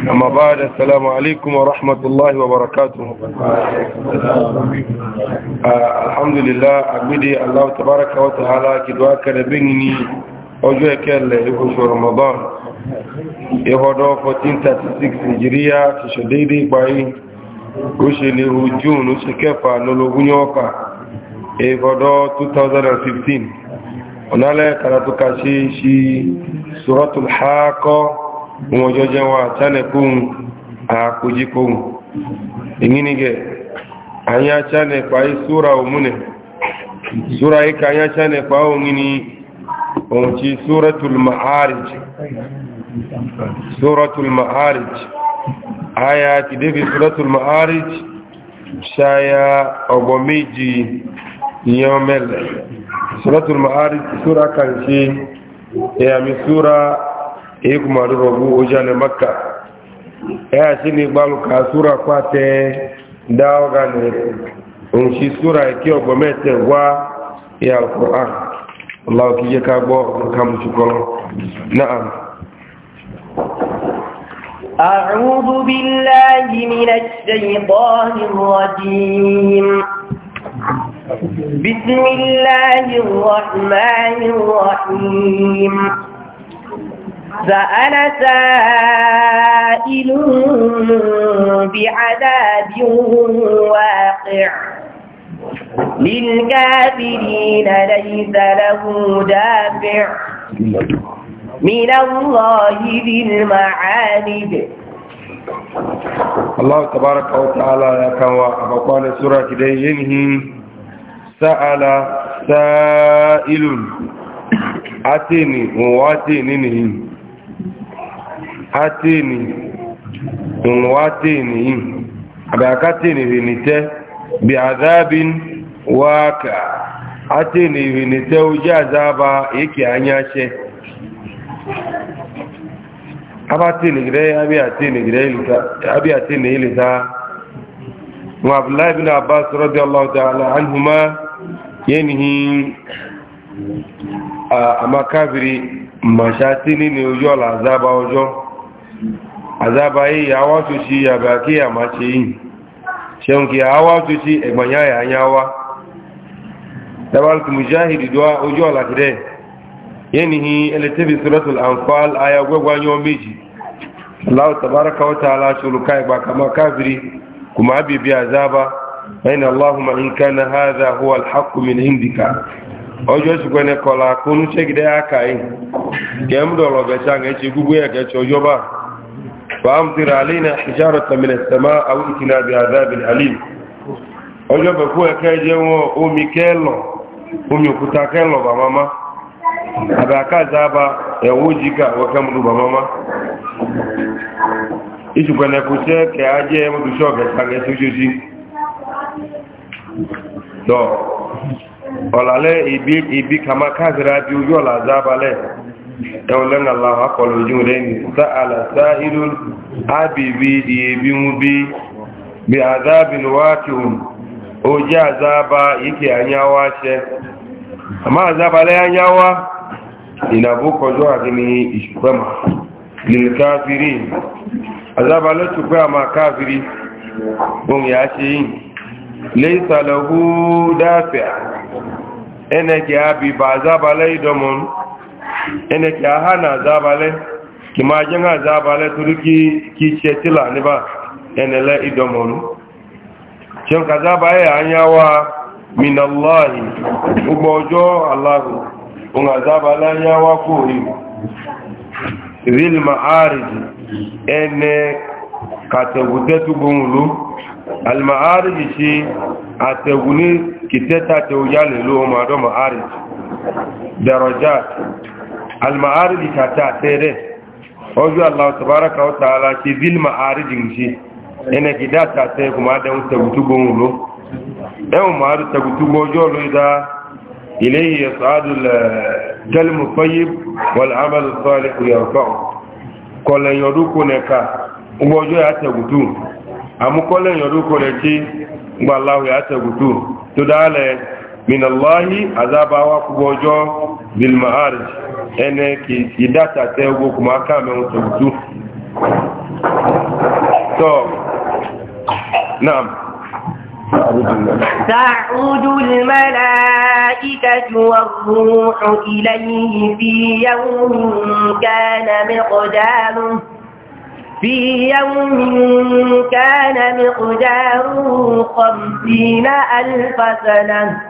أما بعد السلام عليكم ورحمة الله وبركاته آه الحمد لله أمدي الله تبارك وتعالى كدواك نبيني ọjọ́ ẹ̀kẹ́lẹ̀ oṣù ramadan ìhọ́dọ̀ 1436 nigeria ti ṣe dédé ìparí ó ṣe lè hu june ó ṣe kẹfà lọ́lọ́gún ní ọkà ìhọ́dọ̀ 2015 ọ̀nálẹ̀ kàràtùkà ṣe ṣe sọ́rọ̀tùl hákọ́ wọn jọjẹ wa chale kóhun àkójí kóhun ìgbínigẹ̀ àyá chale pa í súra òmúnẹ̀ súra ikẹ̀ àyá chale pa òun ni òun ti súratul ma'arij súratul ma'arij àyá ti débi súratul ma'arij ṣáyà ọgbọ̀ méjì ìyẹn mẹ́lẹ̀ súratul ma'arij súra kan ṣe ẹ̀yàmì súra eku madu rogu ojane makka ya sini balu ka sura kwate dawo gane unshi um sura ki ogomete ya alquran allah ki je ka gbo kam chukolo na'am أعوذ بالله من الشيطان الرجيم بسم الله الرحمن الرحيم سأل سائل بعذاب واقع للكافرين ليس له دافع من الله ذي المعاند الله تبارك وتعالى كوا أبقال سورة ديجنه سأل سائل أتني واتني ateni ŋunwa ateni yin abe akateni henite bi azabin waka ateni henite ojú azaba eke anyashe abateni gire abi ateni gire ilita abi ateni ilita wọn abdullahi bin abbas radiyallahu ta'ala anhuma yenihi a makabiri mashati ni ojú ọ̀la azaba ọjọ́ azaba yìí àwa tó ṣe yàbà kí a máa ṣe yìí ṣeun kí àwa tó ṣe ẹgbọ̀nyá yàáyá wá dábàlùkù mujahid dọ́ ojú àlàkìdẹ́ yẹni hi ẹlẹ́tẹ́bì sọ́rọ̀tù àǹfààl ayagbẹ́gbà yọ méjì aláwọ̀ tàbárakà wata aláṣọlùká ìgbà kama káfìrí kò máa bèbè azaba ẹni aláhùnmá nǹka na haza huwa alhakumin indika ọjọ́ ṣùgbọ́n ẹni kọlá kónú ṣẹ́gidẹ́ فأمطر علينا حجارة من السماء أو اتنا بعذاب أليم ọjọ́ bẹ̀kú ẹ̀kẹ́ jẹ́ wọn omi kẹ́lọ̀ omi òkúta kẹ́lọ̀ bàmọ́má àbẹ̀kázàbà ẹ̀wọ́ jíkà wọ́kẹ́mùdù bàmọ́má ìṣùgbẹ̀nẹ̀kù jẹ́ kẹ́ á jẹ́ mọ́dúṣọ́ kẹsàgẹ́ sójósí tọ́ ọ̀làlẹ́ ìbí kàmákázìrá bí ojú ọ̀là ẹwọlẹ́n aláwọ̀ akọlọ̀ ojú rẹ̀ ní sáàlá sáàìlú ábìbí ìyẹ̀bí mú bí bí àzábìn wákìhùn ó jẹ́ àzába yíkì àyáwá ṣẹ àmá àzába lẹ́yáwá ìnàbó kọjọ́ àgbìní ìṣùpẹ́mà lìlkáfìrí àzába lọ́tùpẹ́ àmà káfìrí ohun yà ṣe yìí lẹ́ìsàlẹ̀ hú dáfẹ́ ẹnẹ́kẹ́ àbìbà àzába ene ki aha na azabale ki ma jin na turu ki ki che tila ni ba ene le idomonu chen ka za bae anyawa min allah ubojo allah un azabale anyawa ku ri zil ma'arij ene ka te gude tu gunlu al ma'arij chi ateguni kiteta te uyale lu ma do ma'arij al almaaridi ta tere oju allah tabaraka wa ta'ala ki zil maaridi ngi ene gida ta tere kuma da mu tabutu gongulo dan maaru tabutu gojo lo ida ilayhi yas'adu al-kalmu tayyib wal 'amalu salih yarfa'u kolen yoduko ne ka gojo ya tabutu amu kolen yoduko ne ti gba allah ya tabutu to dale min allahi azabawa kubojo bil ma'arij ene ki idata te ogo kuma ka me won tutu naam تعود الملائكة والروح إليه في يوم كان مقداره في يوم كان مقداره خمسين ألف سنة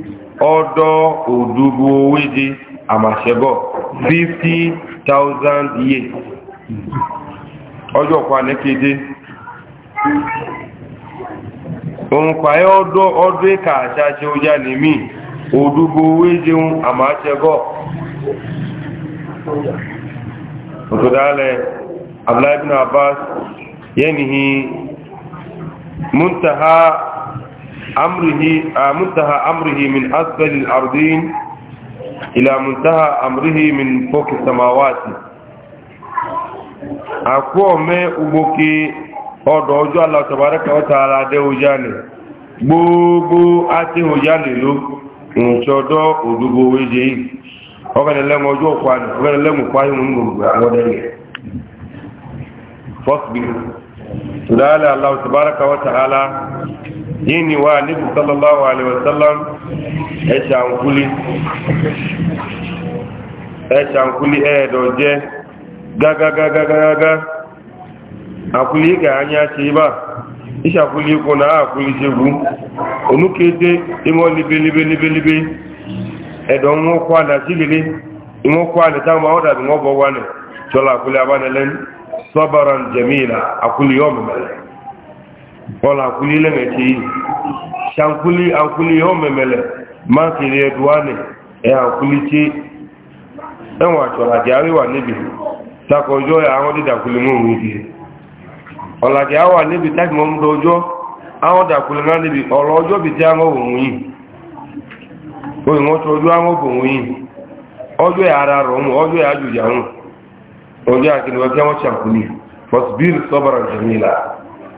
ọdọ òdúgbò owéje àmàṣẹ́gọ́ 50,000 iye ọjọ́ ọ̀pá nẹ́kéde òun pàẹ́ ọdọ́ ọdọ́ ẹ̀kà àṣàṣẹ ojá ní mí òdúgbò owéje àmàṣẹ́gọ́ òtòdálẹ̀ abdullahi bin abbas yẹ́nìí muntaha أمره منتهى أمره من أسفل الأرضين إلى منتهى أمره من فوق السماوات أقوى ما أبوكي ọ̀dọ̀ الله تبارك وتعالى wa ta'ala dé ojá nì gbogbo àti ojá nì ló ǹṣọ́dọ́ òdúgbò wéje yìí ọgbẹ̀nilẹ́mù ojú ọ̀pá nì ọgbẹ̀nilẹ́mù páyé mú gbogbo àwọn ọdẹ́yẹ fọ́sbí tùdálẹ̀ Allah tabaraka wa ta'ala yini wa nabi sallallahu alaihi wasallam ẹ̀ṣà ń kúlí ẹ̀ṣà ń kúlí ẹ̀ẹ̀dọ̀ jẹ́ gágágágágágá àkúlí ìgà anyá ṣe bá ìṣàkúlí ikú náà àkúlí ṣegú onúkété ìwọ́n libelibelibelibe ẹ̀dọ̀ wọn kọ́ àdá kọ́ àdá táwọn àwọn bọ̀ tọ́lá sọ́bàrán yọ́ ọla akwụli ilemechi iyi shankwuli akwụli ihe omemele ma kiri eduane akwụlichi enwa chọra gị arịwa n'ebi takwa ọjọọ ya ahụ dịdakwuli nwe gị ọla gị awa n'ebi takị ahụ bụ ya ara arụ ụmụ ọjọọ ya ajụjụ ahụ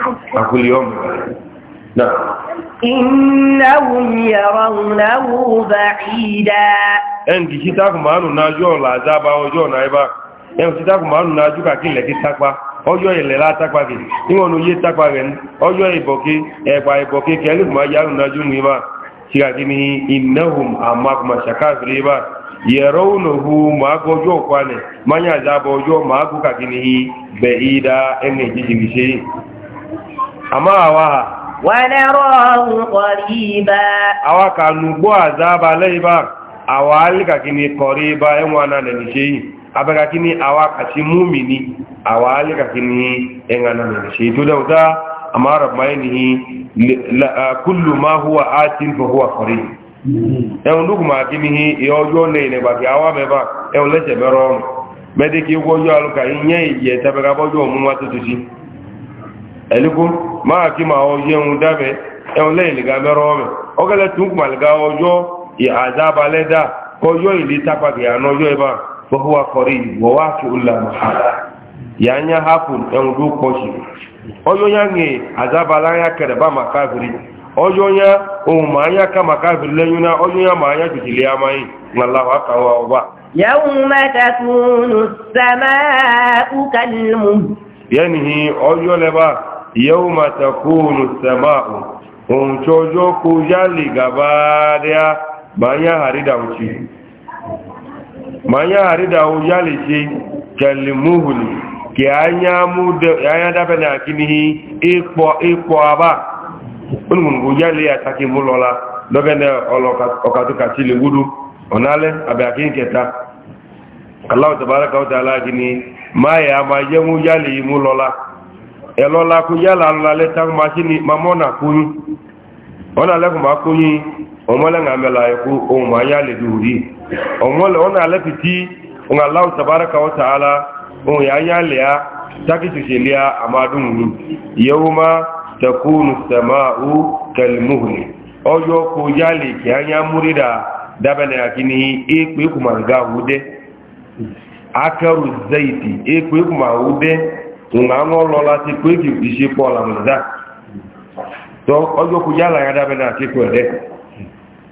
عن na. يوم نعم إنهم يرونه بعيدا ẹn kì í ṣe tákùn márùn-ún náà yóò làájá bá ọjọ́ ọ̀nà ẹbá ẹn kì í tákùn márùn-ún náà jùkà kí ilẹ̀ kí tápá ọjọ́ ilẹ̀ látápá kì níwọ̀n ló yé tápá ma ní ọjọ́ ìbọ̀kí ẹ̀pà ìbọ̀kí kẹlùmọ̀ àmọ́ àwa hà. wàlẹ́rọ̀ ọ̀hún kọ̀rí ibà. àwa kà nù gbọ́ àzába lẹ́yìn bá àwa alíkàkí ni kọ̀rí ibà ẹ̀wọ̀n náà lẹ́nu ṣe yìí abẹ́kàkí ni àwa kàti múmi ni àwa alíkàkí ni ẹ̀wọ̀n náà lẹ́nu ṣe yìí tó dẹ́wọ́ dá àmọ́ àrọ̀bá ẹni kúlù máa hùwà á ti ń fọwọ́ kọ̀rí. ẹ̀wọ̀n lókùnmá kí ni ìyọ́jọ́ lẹ́yìn ẹ̀gbàkí àwa mẹ́fà ẹ̀wọ̀n lẹ́sẹ̀ mẹ́rọ̀ mẹ́dẹ́kì wọ́jọ́ ẹ̀lẹ́kùn máa kí máa ọjọ́ ẹun dábẹ̀ ẹun lẹ́ìlìgá mẹ́rọ ọmọ ọgẹ́lẹ́ tún kùmàlìgá ọjọ́ àzábalẹ́dà kọjọ́ ìlú tápàgì ànájọ́ ẹbá fọ́fọ́wà kọrí wọ́wá kí ó lànà àrà yà ń yá hapun ẹun ló pọ̀ṣù ọjọ́ yá يوم تكون السماء كالمهل يعني هي yawma takunu sama'u ohun tí ọjọ́ kó yálè gàbáadẹ́á ma ń a àrídà òjì ma ń yá ṣe kẹlìmúhùlì kí a yá dábẹ̀ náà kí ní ipò àbá lè wúdú ọ̀nálẹ́ àbẹ̀ àkínkẹta aláwọ̀ tàbárakà ní máyà máa ẹlọ́la kó yálà alọ́lẹ́ tán máa ṣí ni mamọ́nà kóyún ọ̀nà alẹ́kùn máa ọmọlẹ́nà mẹ́la ẹ̀kú ohun máa yá ọ lórí ọ̀nà tí ohun aláwọ̀ tàbárẹ́ka ọ̀tà ala ohun yà yá á tákìtì ṣe lè á àmàdùn mi ìyẹ́wó máa tẹkùnù kẹlìmùhùnì ọjọ́ kí á yá múrídà dábẹ́lẹ̀ àkíní ŋun aŋɔ lɔ la ti kpe ki isi kpɔ la mo da tɔ ɔdzɔ la ya na ti kpɔ dɛ.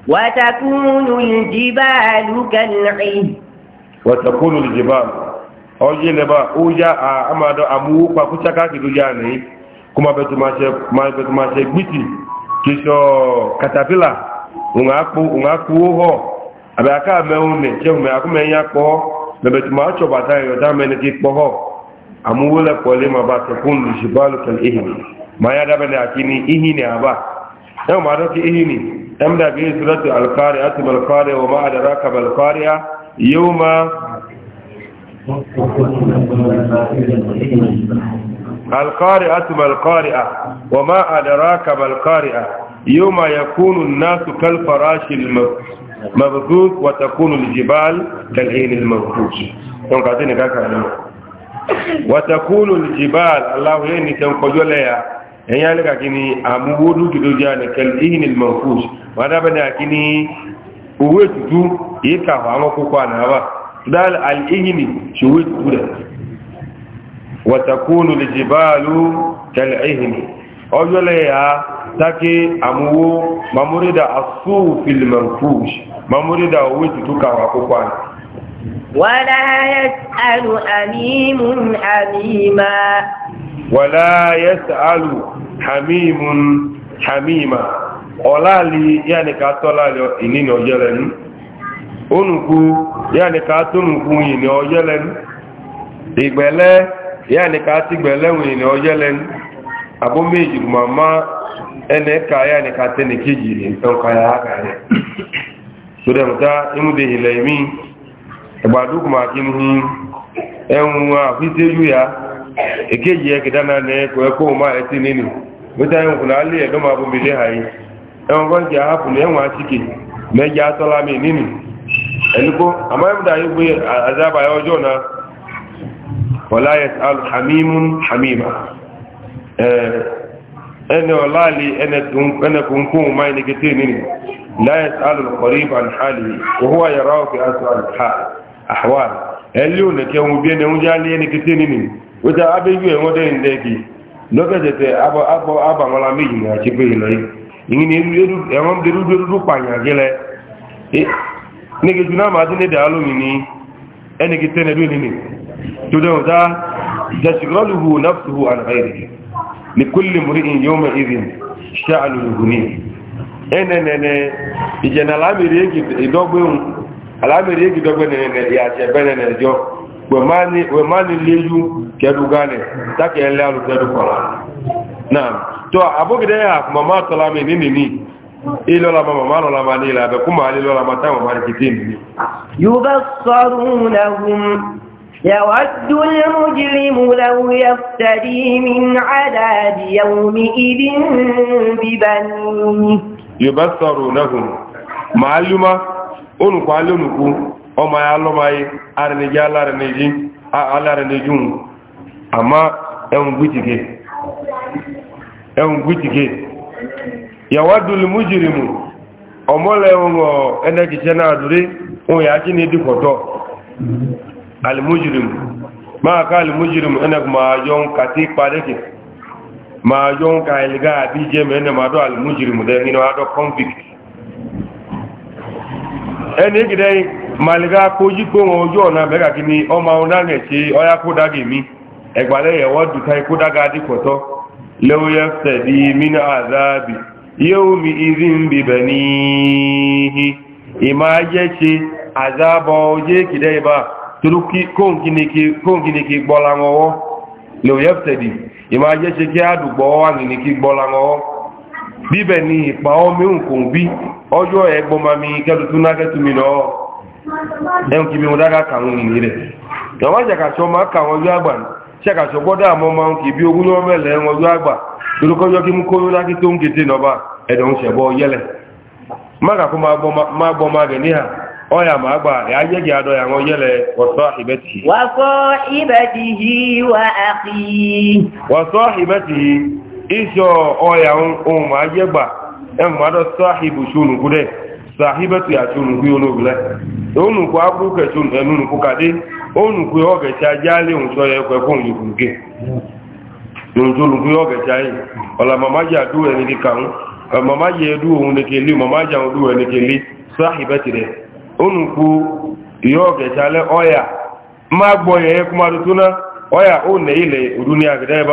watakunu ljibaalu kalci. watakunu ljibaalu ɔdzi lɛ ba udza a ama dɔ gbiti katapila aka ya bata amúwúlẹ̀ pọ̀lẹ́ ma bá tẹkún ìṣìbálù kẹlẹ̀ ihìnì ma yá dábẹ̀lẹ̀ àti ní ihìnì àbá yau ma dọ́kí ihìnì ẹmdà bí ìṣúrẹ́tù alkari àti malkari wa ma àdára ka malkari a yau ma alkari àti malkari a wa ma àdára ka malkari a yau ma ya kúnu nasu kalfarashin mabzuz wa ta kúnu jibal kẹlẹ̀ ihìnì mabzuz don ka zini kaka ne watakulu aljibal allah yeni kan kojolea enyale kakini amuwodu kidoja ne kalhin almanfush wadaba ne akini uwetu yika hawo kokwa na ba dal alihni shuwetu da watakulu aljibalu kalihni ojolea take amuwo mamurida asu fil manfush mamurida uwetu tukawa kokwa ولا يسأل حميم حميما ولا يسأل حميم حميما ọláàlì yáni ká tọ́láàlì ìní ni ọjẹ́ lẹ́nu onùkú yáni ká tónùkú ìní ọjẹ́ lẹ́nu ìgbẹ̀lẹ́ yáni ká ma gbẹ̀lẹ́wìn eneka ọjẹ́ lẹ́nu abóméjì màmá ẹnẹ́ka yáni ká ìtọ́ka ẹgbàdú kùmà kí ń hún ẹ̀hún àfíṣẹ́jú ya èkéjì ẹ kìdánà ní ẹkọ̀ ẹkọ̀ ọmọ ẹtí nínú mẹ́ta ẹ̀hún kùnà alẹ́ ẹ̀dọ́ máa bọ́mí lé àyí ẹ̀hún kọ́ jẹ́ àápù ní ẹ̀hún àṣìkè mẹ́jẹ́ atọ́lá mi nínú ẹ̀lúkọ́ àmọ́ ẹ̀mdà yìí pé àzábà ọjọ́ náà ọ̀lá hamimun hamima ẹni ọ̀láàlì ẹnẹkùn kún máa ní kété nínú láyẹ̀sálù kọ̀rí ahwal ẹlú nẹ̀kẹ́ ohun bí ẹni oúnjẹ alẹ́ ẹni kété nínú ó abẹ́jú ẹ̀wọ́n dẹ́yìn dẹ́gi lọ́kẹ̀tẹ̀tẹ̀ abàmọ́lá méjì ní àti pé ìlọ ìjẹ̀nà lámìrí ìdọ́gbẹ̀hùn alamiri yegi dogbe nene ya se benene jo we mani we leju kedu gane take ele alu kedu kola na to abogide ya mama talami nini ni ilo la mama mano la mani la be kuma ali lo la mata mama kitini yubassarunahum يود المجرم لو يفتدي من عذاب يومئذ ببنيه يبصرونهم معلومه onukwu ala onukwu ọma ya alụmaghị arịnịgị alarịnịgị alarịnịgị nwụ ama enwugwitige enwugwitige yawadulu mujirimu ọmọlẹ ọmọ ẹnẹkìṣẹ náà dúrí wọn yà á kí ní dìkọtọ alimujirimu máa ká alimujirimu ẹnẹkù máa yọ ń kàtí padẹkì máa yọ ń ka ẹlẹgà àbíjẹ mẹ ẹnẹ máa dọ alimujirimu dẹ nínú adọ convict ẹni gidẹ maliga kojú pé wọn ojú ọ̀nà mẹ́gà kí ni ọmọ onáàgẹ̀ ṣe ọya kódàgì mi ẹgbàlẹ̀ ẹ̀wọ́ dùkà mínú àzáàbì yóò mi ìrí ń bìbẹ̀ ní ìmá jẹ́ ṣe àzáàbọ̀ ojé kìdẹ́ ìbá torú kóǹkìnìkì gbọ́lá wọn wọ́ kí bíbẹ̀ ni ìpa ọmọ nǹkan bí ọjọ́ ẹgbọmami kẹtùtù náà kẹtùmí lọ ẹun kí mi wọ́n dára kàwọn ìrìn rẹ̀ ìwọ́n jẹ́kàṣọ́ máa kàwọn ọjọ́ àgbà ṣẹ́kàṣọ́ gbọ́dá àmọ́ máa ń kì bí ogún yọ́ mẹ́lẹ̀ ẹ̀wọ̀n ọjọ́ àgbà torúkọ́jọ́ kí mú iṣọ́ ọya ohun ma jẹ́ gbà ẹn mọ́dọ̀ sáàhìbù ṣónùkú dẹ̀ sàhíbẹ̀tì àti onùkú olóògbìlẹ̀ onùkú abúrúkẹ̀ ẹnùnùkú kàdé onùkú ọ̀gẹ̀ṣe ajálẹ̀ òun sọ ẹ̀kọ́ ẹ̀kọ́ olùkú ọ̀gẹ̀ṣe ayé ọ̀là màmá ọ̀yà ó nẹ̀ ilẹ̀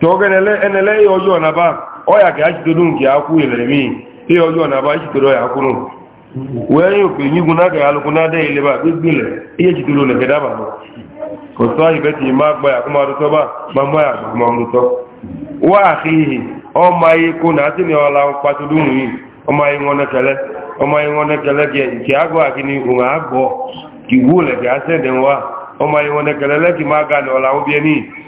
toge enele ihe ọjọọ na ba ọya ga-achitoro nke akwụ emereme ihe ọjọọ na ba echitoro ya akwụrụ wee ye okenye igwu na agaghị alụkwụ na adịghị eleba gbegile ihe chitoro na kedaba otu ma agba ya akụmarụtọ ma ya ọmaghị na gị nke agụ ga-asị dị nwa ọmaghị le gị ọla n'ihi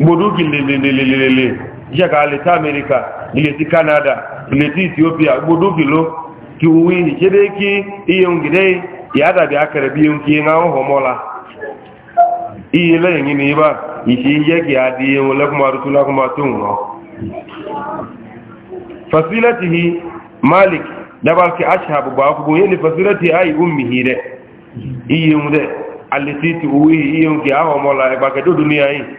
gbodogi lelelelelele jẹ́ ka lè ta amẹ́ríkà ilẹ̀ ti canada ilẹ̀ ethiopia gbodogi ló kí uwe ìṣẹ́dé kí iye ń gidẹ́ akara akẹrẹ nke i ń kí ihe ahọ́ mọ́la iye lẹ́yìn ní ibá ìṣe jẹ́ kí a di ohun lẹ́kùnmọ́rútú lákùnmọ́tò ń lọ fasilatihi malik dabalki ashab ba ku bo yeni fasilati iye uwe iye ń kí ahọ́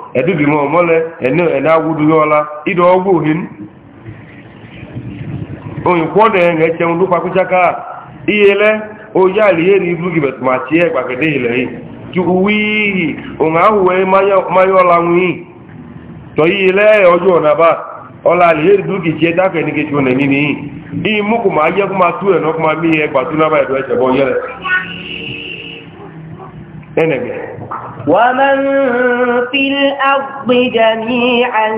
ẹ̀dùgì wọn mọ́lẹ̀ ẹ̀nà agúdúyọ́lá ìdọ̀ ọgbò òhìn òyìnkwọ́dẹ̀ na tẹun ló pakúṣáká iyelẹ́ oyá àlìyé ní ìlú gìbẹ̀tùmà tí ẹ gbàgede ilẹ̀ yìí kí wíì òun áhùwẹ́ máyọ́lá wíì tọ́ iyelẹ́ ọjọ́ ọla ọlá àlìyé ìlú gì tí ẹ dákẹ́ ní kejì ọ̀nà nínú yìí ìyí ẹnẹ̀gbẹ̀ẹ́ ومن في الأرض جميعا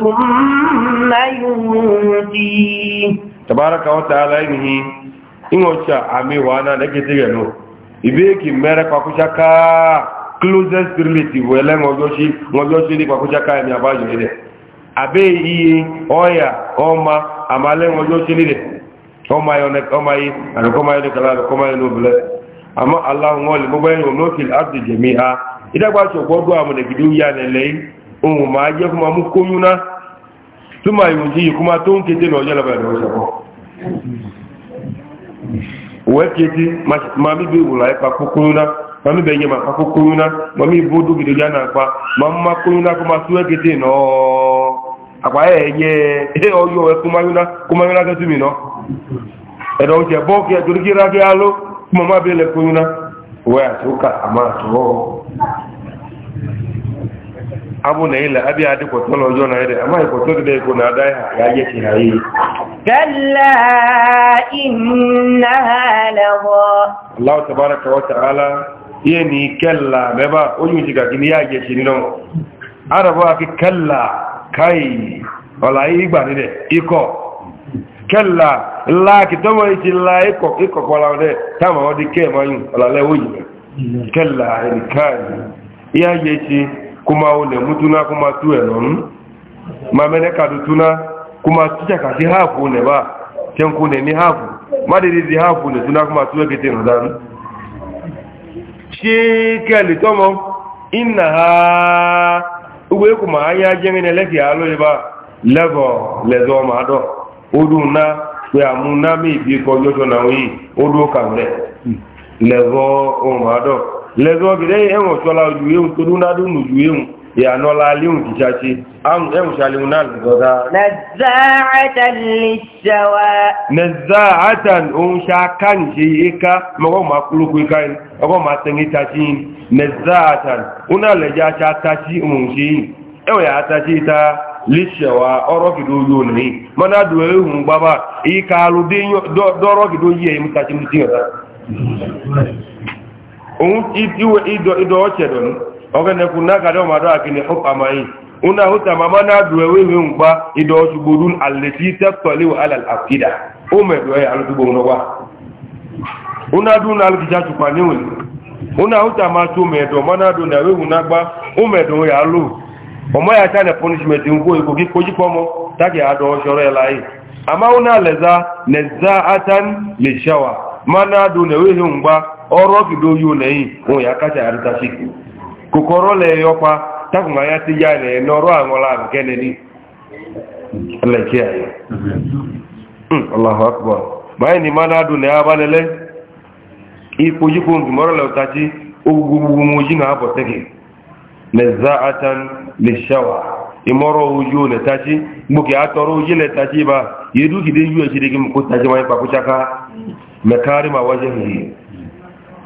ثم ينتيه تبارك وتعالى إنه إنه شاء عمي وانا لكي نو إبيك مرك وكشكا closest relative wẹ̀lẹ́ ọjọ́ sí ní pàkúṣáká ẹ̀mí àbájò ilẹ̀ àbẹ́ iye ọ̀yà ọmọ àmàlẹ́ ọjọ́ sí nílẹ̀ ọmọ ayọ́nẹ́kọ́mọ́ ayé àrùkọ́mọ́ ama allah ngol mo bayin mo fil ardi jami'a ida ba to godo amu da gidu ya ne lei o ma je kuma mu kunyuna tuma yunji kuma tun ke de loje la wa ke ma mi bi wula pa kunyuna ma mi benye ma pa kunyuna ma mi bodu gidu ya na pa ma ma kunyuna kuma suwe ke akwa e ye e e kuma yuna kuma yuna kuma ma bele kunyuna waya tuka ama tuwo abu na ile abi adi ko tolo jo na ile ama ko tolo de ko na dai ha ya yake na yi kalla innaha lawa Allah tabaraka wa ta'ala yeni kalla beba oyun jiga gini ya yake ni no arabo aki kalla kai wala igba ni de iko kẹ́là ńlá kìtọ́mọ̀ ìtì ńlá ìkọ̀kọ̀lá ọdẹ táàmà wọ́n di kẹ́ẹ̀mọ́ yìí ọ̀làlẹ́ òyìn mm-hmm. kẹ́là ẹ̀ríkààrí ìyá yẹ ti kó máa olè mú túná kó máa tú ẹ̀rọ ń máa túná kó máa tíjà kà sí háàfù nẹ̀ bá nẹ̀ ní háàfù má di háàfù nẹ̀ túná kó máa tú odu na pe amu na mi bi ko jojo na wi odu ka le lezo o ma do lezo bi de e won chola ju e to du na du ya e no la li un kichachi am e un na lezo da nazaatan nazaatan ika mo ma kulu ku ma e nazaatan una le lishewa ọrọgido oyi olili mana duwe ehu mgbaba ike alụ dọrọgido yi eyi mụtachi mụti ọta iwe ido ochedo ọganekwu na agada ọmadọ akini hụpamayi una huta mama na duwe ehu mgba ido ochugburu aleti teptọli wa alal akida o meduwe ya alụtugbo ngwa una du na alụkicha chukwa niwe una huta ma tu medo mana du na ehu na gba o medo ya alụ ọmọ ya ta na punishment ngwo iko ki koji pomo taki ado shoro elai ama una leza leza nezaatan lishawa mana du ne wehe ngba oro gido yu nei o ya ka ta arita shiki kokoro le yopa taku ma ya ti ya le noro angola ngene ni Allah kiya ya hmm, Allahu akbar bai ni mana du ne abalele iko ji ko ngimoro le utachi ogugugu mu ji na aboteke نزاعة للشوى imoro uju le tachi muke atoro uju le tachi ba yedu gide yu e shiriki mu tachi wa pa kuchaka mekarima wajhi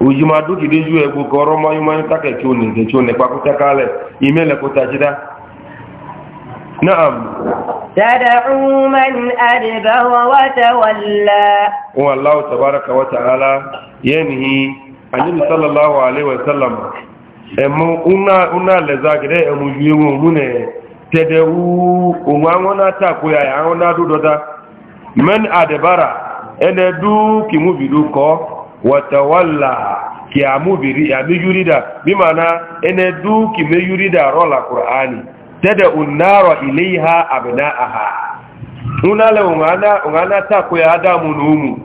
uju ma du gide yu e bu koro ma yu ma ta ke chune ke chune pa kuchaka le imele ku tachi da na'am tad'u man adba wa tawalla wallahu tabaaraka wa ta'ala yanhi annabi sallallahu alaihi wa emu una una leza gede emu yewu mune tede wu umwango na taku ya yango na du dota men adebara ene du kimu bidu ko watawalla ki amu biri ya miyurida bimana ene du ki miyurida rola qur'ani tede unnara ilaiha abnaaha una le ungana ungana taku ya adamu numu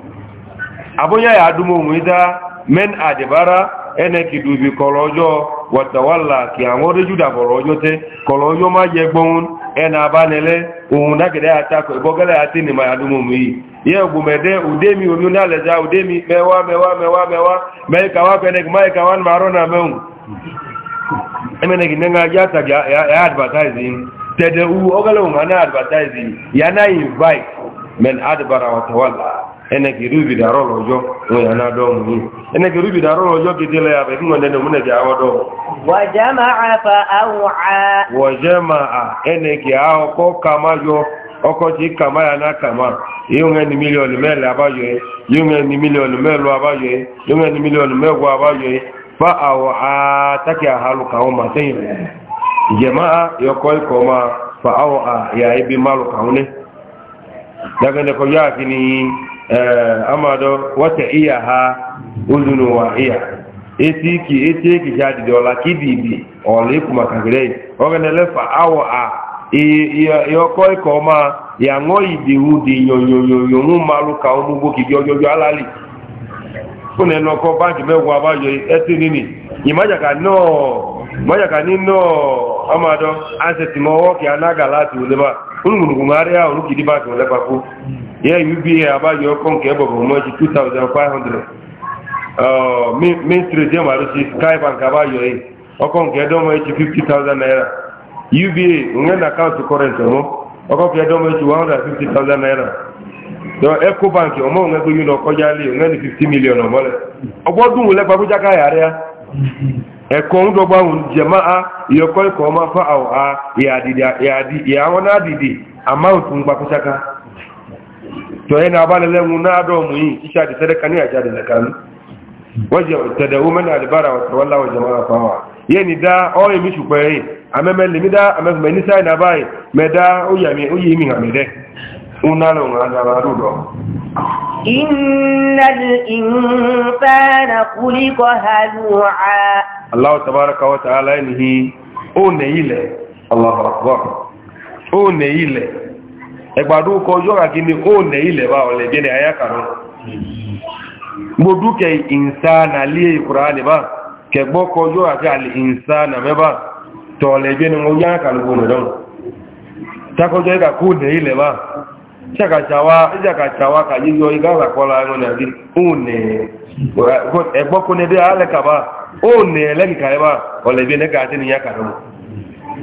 abonya ya adumu muida men adebara enekidubi kọrọ ọjọọ wọtawala kì àwọn oríjúdà ọjọ́ tẹ́ kọrọ ọjọ́ má jẹ gbọ́n ẹna abánilẹ́ ohun dákẹ̀dẹ́ àtakọ ìbọ́gẹ́lẹ́ àti nìmọ̀ àdúmọ̀mù yìí yẹ eneke rubi da rọrọ ọjọ wọn yà náà dọ́ mú yìí eneke rubi da rọrọ ọjọ gidi lẹ́yà abẹ fún ọdẹ mú nẹ̀kẹ́ àwọ̀ dọ́. wọ́jẹ́ máa fa àwùcá. wọ́jẹ́ máa eneke ọkọ̀ kama yọ ọkọ̀ tí kama yà náà kama yíyún ẹ̀ ní mílíọ̀nù mẹ́lẹ̀ abáyọ̀ ẹ̀ yíyún ẹ̀ ní mílíọ̀nù mẹ́lọ abáyọ̀ ẹ̀ yíyún ẹ̀ ní mílíọ̀nù mẹ́wọ̀ abáyọ̀ ẹ̀ fa àwùcá tákì àhálù kàwọn mà sẹ́yìn rẹ̀ jẹ̀máà yọkọ̀ ikọ̀ máa fa àwùcá yà ibi e málù kàwọn ní. dàgbẹ́ni kọjá àfi ni Eh, amado wata iya ha ozunu wa iya eti ki eti ki jadi dola kibibi ole kuma kagre ogene lefa awo a iyo ko ko ma ya ngoi di udi yo yo yo yo mu malu ka omu bo ki jojo jo alali no ko ba ba yo eti nini ka no ka ni no amado mo wo ki anaga lati ngare ba ku ya uba agbaghị ọkụ nke ebọbụ echi 2500 main street je marụchi skybank agbaghị ọkụ nke edomechi 50000 naira uba nwe na naira eco bank ọmọ onwe ego yun ọkọ jali onwe ni 50 million ọmọlẹ ọgbọdun wọlé babújá káyà rẹ ẹ̀kọ́ ń dọ́gba jẹ̀má a ìyọkọ́ ikọ̀ ọmọ àwọn to na ba da lemu na yi isha da sadaka ne a ja da zakani waje ta da woman albara yi ame nisa na ha na Allah wa ta'ala o ne akbar o ne le. ẹgbàdo kọjọ́ kàkíní ó nẹ̀ ilẹ̀ bá ọ̀lẹ̀ jẹ́ ní ayákàrọ gbogbo kẹ ìnsáànà lé ìkùrá nìbá kẹgbọ́ kọjọ́ àti àlè ìnsáànà mẹ́bá tọ̀ọ̀lẹ̀ jẹ́ ní wọ́n yákàrọ gbogbo mẹ́dán takọjọ́ ìkà kó nẹ̀ ilẹ̀ bá ṣàkàṣàwá ìṣàkàṣàwá kàyíyọ igára kọla ẹran nàbí ó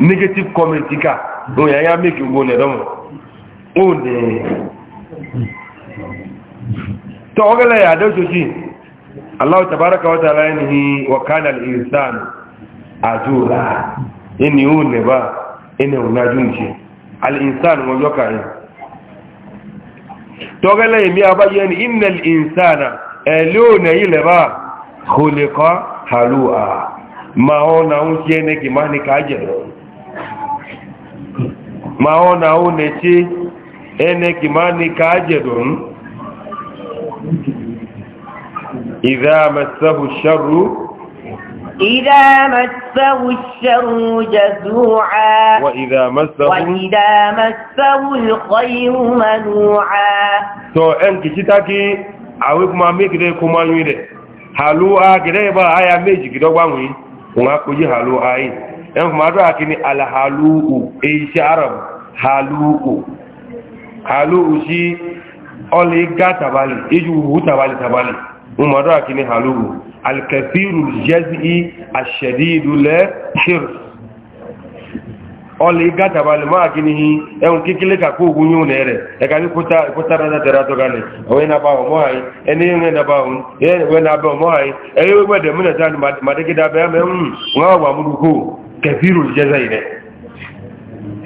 negative comment kà ó yà yá mẹ́kì gbogbo mẹ́dán òní tó ọgẹ́lẹ̀ àdójójì aláwọ̀ tàbárakà wata láìní wàkánà ìrìsàn àjúra inú òní bá inú ònájú nìṣe alìsàn wọ́n yọ́ka yìí tó ọgẹ́lẹ̀ ìmí abáyé ni inú ìrìsàn ẹ̀lẹ́ òní ilẹ̀ bá kòlẹ̀kọ́ halúà ma ọ́nà ń ṣe ẹnẹ́gì ene kimani kajedun idha massahu sharru idha massahu sharru jazua wa idha massahu wa idha massahu alkhayru manua so en kichitaki awe kuma mekide kuma nyire halu a gide ba aya meji gido gbanwi kuma kuji halu ai en kuma do akini alhalu e shi arab halu halu ushi oli ga tabali iju hu tabali tabali umaru akini halu alkathiru aljazi ashadidu la shir oli ga tabali ma akini ehun kikile ka ko ogun yun re e ka ni kuta kuta rada tera to gane we na ba mo hai eni we na ba un e we na ba mo hai e we gbede mu na tan ma de kida be me un wa wa mu ko kathiru aljazi ne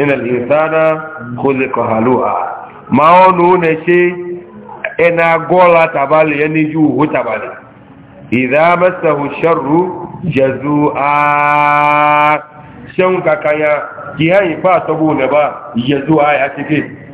inna al-insana khuliqa halu'a ma onu ne se ena gola tabali yani ju hu tabali idha masahu sharru jazua shan kakaya ki hayi fa tabu ne ba jazua ya tike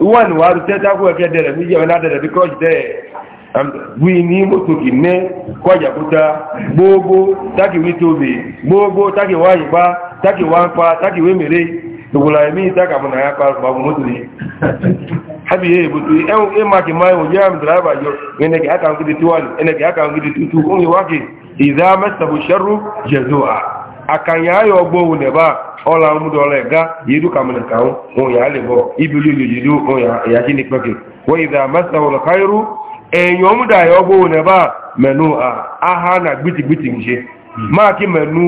wọ́n ni wà á tẹ́ tákù ẹ̀kẹ́ ị mí yẹ̀ wọ́n dẹ̀rẹ̀ bí kọ́ọ̀jì dẹ̀ wí ní mọ́tò kì gbogbo gbogbo tákì wá yìí pa tákì wá ń pa tákì wé mèrè ìwòlà ẹ̀mí tákà habi butu ẹ̀hún ẹ̀ ma kì máa ń wòye àmì dìrábà yọ ẹnẹ̀kì àkàǹkì di tíwálì ẹnẹ̀kì àkàǹkì di tútù ó ń yẹ wákì ìdá mẹ́sàbù ṣẹ́rù ọla mụdụ ọla ga yidu ka mụna ka ụn ya alịbọ ibili yojidu ụn ya chi n'ikpeke wọ́n ìdá masawul enyo mụ da ya ọgbọ̀wọ̀ na ba menu a aha na gbitigbiti nje maki hmm. menu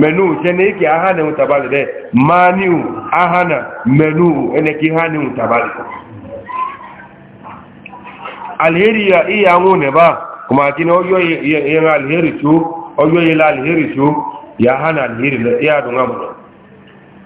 menu ṣe na ike aha na mutabali dẹ maniu aha na menu ẹnẹki ha ni mutabali alheri ya iya anwụ na ba kuma kina ọjọ yin alheri tó ọjọ yin alheri tó ya ha na alheri ya dunga mụna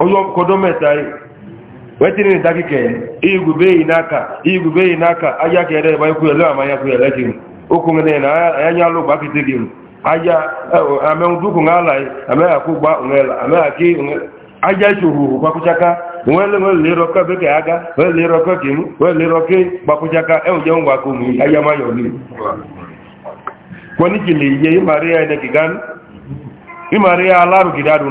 onye ọkụkọdọ meta wetiri dakike igube e, yi n'aka igube yi n'aka aja ka ere gba ikwuyele amanya kwuyele gị ụkwụ na anya alụ gbakite gị aja ya ngala ameghakwu gba ngela ameghaki aja ichuhu gbakwuchaka nwele nwele ka aga nwele ka nwele ka ngwa ka ụmụ manya ya ne ya alaru gidadu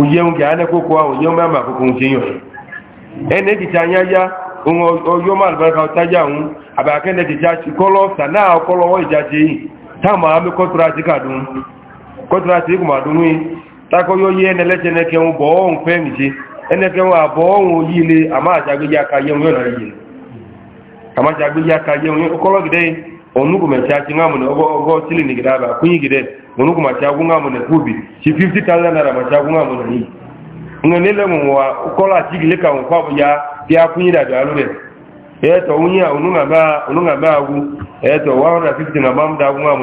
oyeun kì á ní kókó àwọn oyeun bá mà ẹni kìtì anya ya ohun ọyọ́ máa lùbáríkà ọtájà òun àbàkẹ́ni kìtì kọ́lọ́ sànà ọkọ́lọ́wọ́ ìjáde yìí táwọn àmì kọ́tùrátì kàdún kọ́tùrátì kùmàdún yìí takọ́yọ́ yé ẹni ẹlẹ́jẹ̀ ẹni kẹun bọ́ ọ̀hún fẹ́ nìṣe ẹni kẹun àbọ̀ ọ̀hún yìí lé àmà àjàgbéyé munu kuma chagu nga kubi si 50000 naira ma chagu nga mune ni ngene le mu wa kola chigi le ka kwa buya ya kunyi da da lure e to unya ununga ba e to 150 na bam da gu ya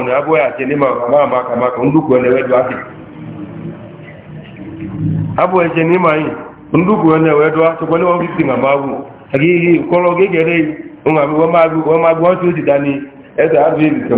ma ma ma e ma yi ko ne ko na ba gu agi kolo gegere unga ba ma gu ma gu o ti dani e to abi to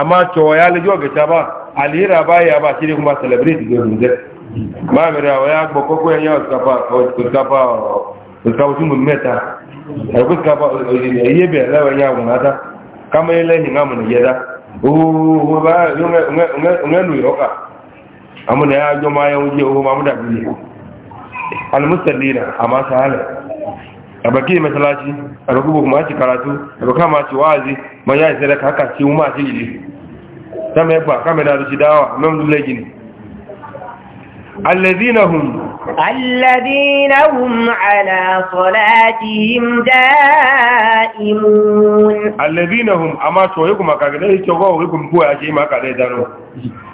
amma cewa ya lajo gata ba alira ba ya ba shi ne kuma celebrate da hunde ma mira wa ya ba koko ya yawa kafa ko kafa ko kafa sun mun meta ai ko kafa ye be la ya mun ata kama ile ni ngamu ne yeda o ba yunga yunga yunga lu yoka amuna ya jo ma ya uje o ma mu da bi al musallina amma sahala abaki masalaci abaku kuma ci karatu abaka ma ci wazi ma ya sai da kaka ci mu ma ci gidi tamekpa kameda da shi dawa nan dule gini alladhina hum alladhina hum ala salatihim daimun alladhina hum ama to yiku makagade yi chogo yiku mbuwa aje makagade dano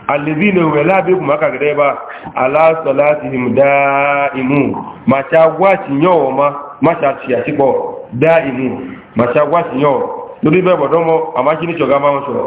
alladhina hum la bi kuma kagade ba ala salatihim daimun ma cha gwachi nyowo ma ma cha chi asipo daimun ma cha gwachi nyowo lórí bẹ́ẹ̀ bọ̀dọ́mọ́ àmájí ní ṣọ̀gá máa ń ṣọ̀rọ̀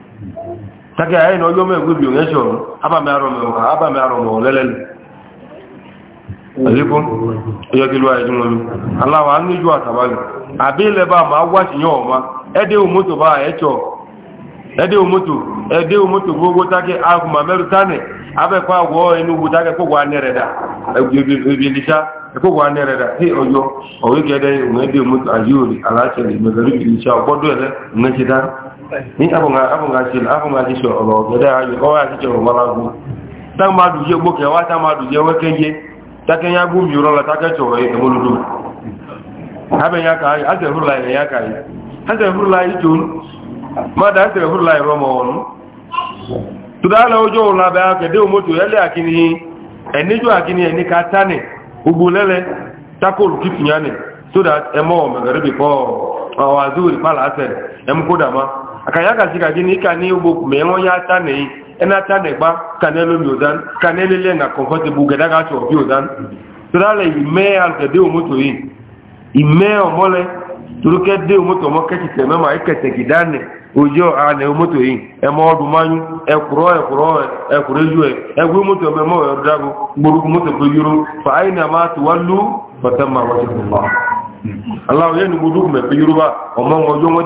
sake ayi na ọjọ́ mẹ́gbẹ́ bí òun ẹ̀ṣọ́ abàmì àrọ̀mọ̀ lẹ́lẹ́lẹ́ àlékún ọjọ́ kí ló wáyé tí wọ́n mi aláwọ̀ aníjú àtàbálù àbí ilẹ̀ bá máa wá sí yàn ọ̀ma ẹdẹ́ òmótò bá gbogbo tákẹ́ agùnmà mẹ́rù tánẹ̀ abẹ́kọ́ àwọ̀ inú gbogbo tákẹ́ kó wà nẹ́rẹ̀dà ní àbùnà àbùnà ṣe àbùnà ṣe ṣe ọ̀rọ̀ ọ̀gẹ́dẹ́ ayé ọwọ́ àti ṣe ọ̀rọ̀ mọ́lágún táwọn máa dùn jẹ́ gbókè wá táwọn máa dùn jẹ́ wẹ́kẹ́jẹ́ tákẹ́yà gún mi rọ́lá tákẹ́tọ̀ ẹ̀mọ́lódó abẹ́yà káyé àtẹ̀fúrúlá ẹ̀yà káyé àtẹ̀fúrúlá ìjọ mọ́dá àtẹ̀fúrúlá ìrọmọ ọ̀nù tùdálẹ̀ ojú òun labẹ́ akẹ́dẹ́ òmótò ẹlẹ́ àkíní ẹ̀níjọ́ àkíní ẹ̀ní ká tánì gbogbo lẹ́lẹ́ tákòlù kìtìyàn ni so that ẹmọ́ ọ̀mẹ̀gẹ̀rẹ́bì pọ̀ ọ̀wàzúwìrì pàlà àṣẹ ẹmú kódà máa aka ya gazi gaji na ịka n'ihe ugbo ma enwe onye ata na ena ata na gba ka na-elomi ụdan ka na-elele na kọmfọtịbụ gada ga achọ obi ụdan tụrala ime alkede omoto yi ime ọmọle turuke de omoto ọmọ kechite mema ikete ojo yi eme ọdụ mmanụ ekwuro ekwuro ekwuro eju egwu moto ememe ọrụ dago gburu moto bụ yoro fa na fa tụwalu fata ma wachịkwụlọ aláwọ̀ yẹnu ọ mẹ́fẹ́ yorùbá ọmọ ọjọ́ wọn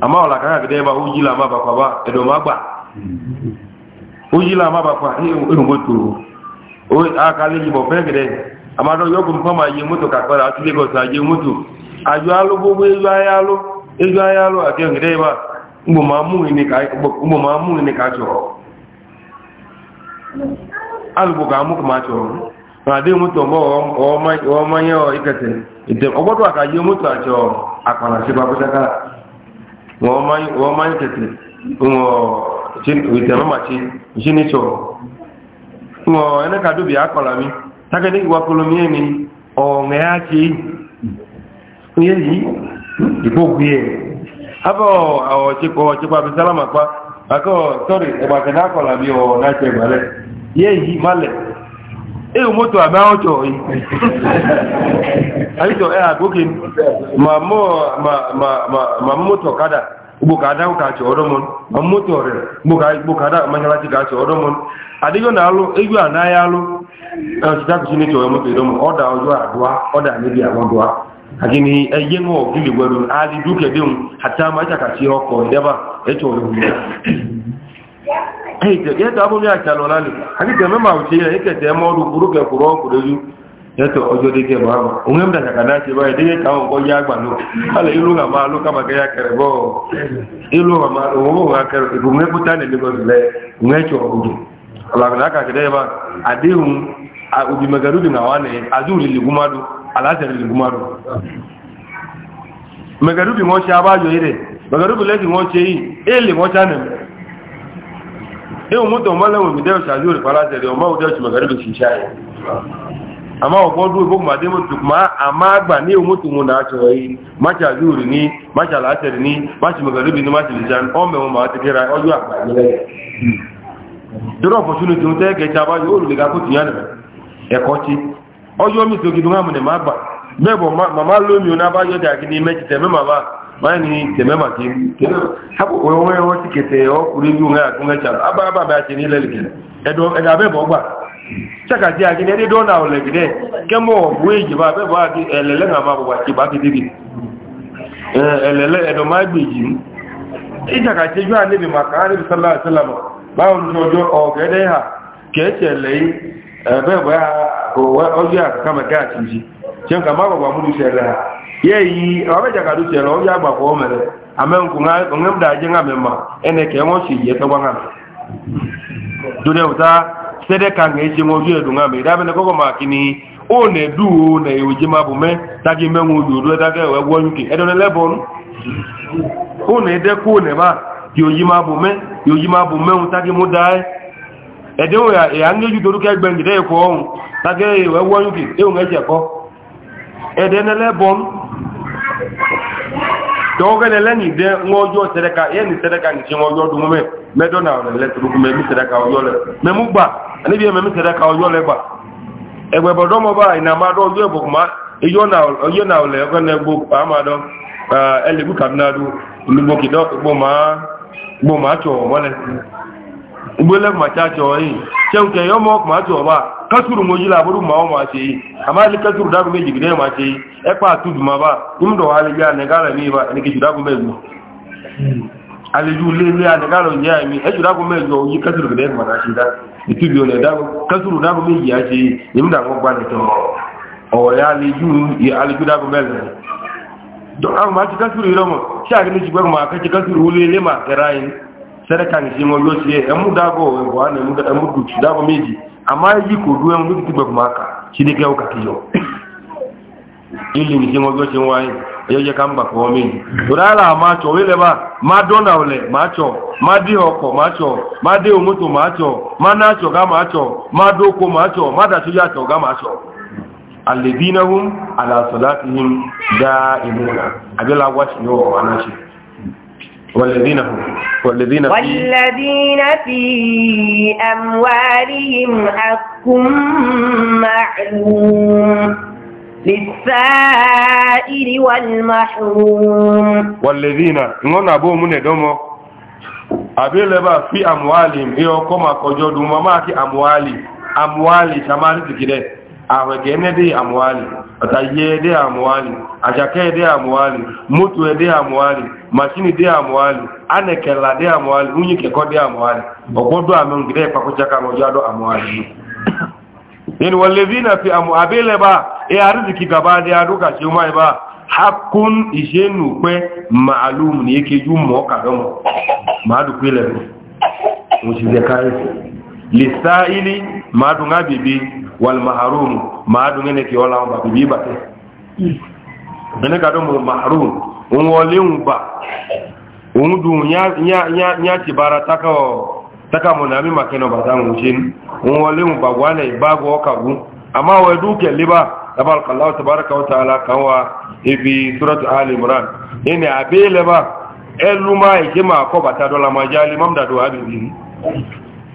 ama ọ̀la kan àgbẹ̀dẹ́ bá ó yíla má bàpá bá ẹ̀dọ̀ má gbà ó yíla má bàpá ẹ̀rùngbó tó ó àkàlẹ̀ yìí bọ̀ fẹ́ gẹ̀dẹ́ àmàdọ̀ yọkùn fún àmà yé mọ́tò kàkọ́rà àti lagos àyè mọ́tò àjọ aló gbogbo ẹjọ́ ayé aló ẹjọ́ ayé aló àti ẹ̀gẹ̀dẹ́ bá ńgbò ka mú ọ wọ́n máa ń tètè ìtẹ̀mọ́ màtí jíníṣọ́ wọ́n ẹnẹ́ka dóbi àkọlà mi tákẹ́dé ìwà kolomi ẹni ọ̀rẹ́ àti ìyẹ́ yìí ìgbógun ẹ̀ abọ́ ọ̀ọ̀chíkọ̀ ọ̀chíkọ̀ àbí sálámà pa akọ́ sọ́rí ẹ̀bàtẹ̀dá àkọlà mi ọ̀ọ̀ ewu moto abe ọ chọ oyi anyị chọ ya agụghị ma ma moto kada ugbo ka ada ka achọ ọrụ m ma moto rere ugbo ka ada e e, e ka achọ ọrụ na alụ egwu a naghị alụ ọchịchakụchi na chọrọ moto edomo ọ da ọjọọ adụa ọ da mebi agwagwa agini ẹyẹ ń ayyata yadda abubuwa ya kyalo lalu hakika mema wuce yana yake ta yi mawadu buruka kuro kuro yi ya ta ojo da ke mama unyan da shaka dace ba ya dinye kawo ko ya gbalo ala ilu ga ma aluka ba ga ya kare bo ilu ga ma aluka ba ga kare bo ne kuta ne ne ba zule unyan ci wa kudu ala ga naka kada ba a dihun a ubi magaru di nawa ne a zuwa lili gumadu alasar lili gumadu magaru bi ngoshi a ba jo ire magaru bi lati ngoshi yi ele ngoshi ne ewu moto mala mu bidai shaji ri fara da yau mawo da shi magaribi shi shaye amma wa bodu ko kuma dai mutu kuma amma gba ni ewu mu na to yi ma shaji ri ni ma shala asiri ni ma shi magaribi ni ma shi jan o me mu ma ta kira o ju ni duro opportunity mu ke ba yo ga ko tiyan e ko ti o mi gidu ma mu ne ma gba bebo mama lo mi na ba yo da gidi me ti te me ma báyìí tẹ̀mẹ́ màkì kẹ́lẹ́ àpòpọ̀ ẹwọ́n ẹwọ́n ti kẹtẹ̀ ọkùnrin bí wọn àkún ẹ̀ṣà abábà bá ṣe ní ilẹ̀-ìlẹ̀ ẹ̀dà bẹ́ẹ̀bọ̀ gbà ṣàkàtí àgínẹ́ ẹdí dọ́nà ọ̀lẹ̀gìdẹ́ kẹ́mọ̀ ọ̀bú èjìbá bẹ́ẹ̀bọ̀ àti ìjì tí ó ń yeyi ọbẹ jagadu tiẹ lọ ọbẹ agba kọ ọmọ rẹ amẹnkù ńlá ńlẹm da ajé ńlá mẹma ẹnẹ kẹ wọn sì yẹ tọgbà ńlá mẹ dúdẹ wòtá sẹdẹ ka ńlẹ ẹjẹ wọn ojú ẹdùn ńlá mẹ ìdá abẹnẹ kọkọ máa kí ni ó nẹ dù ó nẹ yóò jẹ máa bù mẹ tagi mẹwọn ojú ojú ẹdá kẹwàá ẹwọ ọyún kẹ ẹdọ nílẹ bọnu ó nẹ dẹ kó nẹ bá yóò yí máa bù mẹ yóò yí máa bù mẹwọn tagi mú dá ẹ ẹdẹ wòyà ẹyà ńlẹjú torí kẹgbẹǹdì dẹ ẹkọ ọhún tagi ẹwọ ọyún kẹ ẹwọn ẹjẹ tɔgɔkɛlɛ lɛ nin dɛ ŋɔjɔ sɛdɛka e ni sɛdɛka nin tiɲɛ ŋɔjɔ dun mɛ mɛ dɔ n'aw lɛ turuku mɛ mi sɛdɛka ɔjɔ lɛ mɛ mu gba ale bi yɛ mɛ mi sɛdɛka ɔjɔ lɛ gba ɛgbɛbɔ ba ma dɔ ɔjɔ yɛ na ama dɔ ɛɛ ɛlɛbi do gbɔ maa gbɔ maa ugbele kuma cha cho yi chen ke yo mo kasuru mo jila buru ma o ma che yi kasuru da me jigide ya che yi e pa tudu ma ba im do hali ya ne gala mi ba ne ki me ya ale ju le le ane yi kasuru gide ma na bi ole da kasuru da ko me ya che im da ko gba ya le ma kasuru iro sẹ́rẹ́kà ní sí wọn yóò ṣe ẹmú dágọ́ ẹ̀wọ̀ á ẹmú dùtù dágọ́ méjì àmá yí kò dú ẹmú nítorí gbẹ̀fọ́ máa kà ṣídẹ́kẹ́ ó kàkíyọ ilé ní sí wọn yóò ṣe wáyé ẹyọ jẹ ká ń bà fọwọ́ méjì torí àlà máa tọ̀ wílẹ̀ bá máa dọ́nà ọ̀lẹ̀ máa tọ̀ máa dé ọkọ̀ máa tọ̀ máa dé òmótò máa tọ̀ máa náà tọ̀ ká máa tọ̀ máa dóko máa tọ̀ máa dàtú yà tọ̀ ká máa tọ̀ àlèbí náà hùn والذين هم والذين والذين في أموالهم حق معلوم للسائل والمحروم والذين نون أبو من دومو أبي لبا في أموالهم إيو كما كجودو مماكي أموالي أموالي شمالي تكيده awegene de amwali ataye de amwali ajake de amwali mutu de amwali mashini de amwali anekela de amwali unyike ko de amwali ogodo amengire pa kuchaka mojado amwali yani walladhina fi amwabile ba e arziki gaba de aduka chuma ba ni yake jumo kadomo madu kwile musizekaye lisaili madu wal mahrum ma du ngene ki wala ba bi ba te ngene ka do mo maharum un wole un ba un du nya nya nya nya ti bara taka o taka mo na mi makeno ba tan uchin un wole un ba wale ba go ka gu amma wa du ke liba tabaraka Allah tabaraka wa ta'ala kan ibi suratu ali imran ene abele ba eluma ike ma ko bata dola majali mamda do abi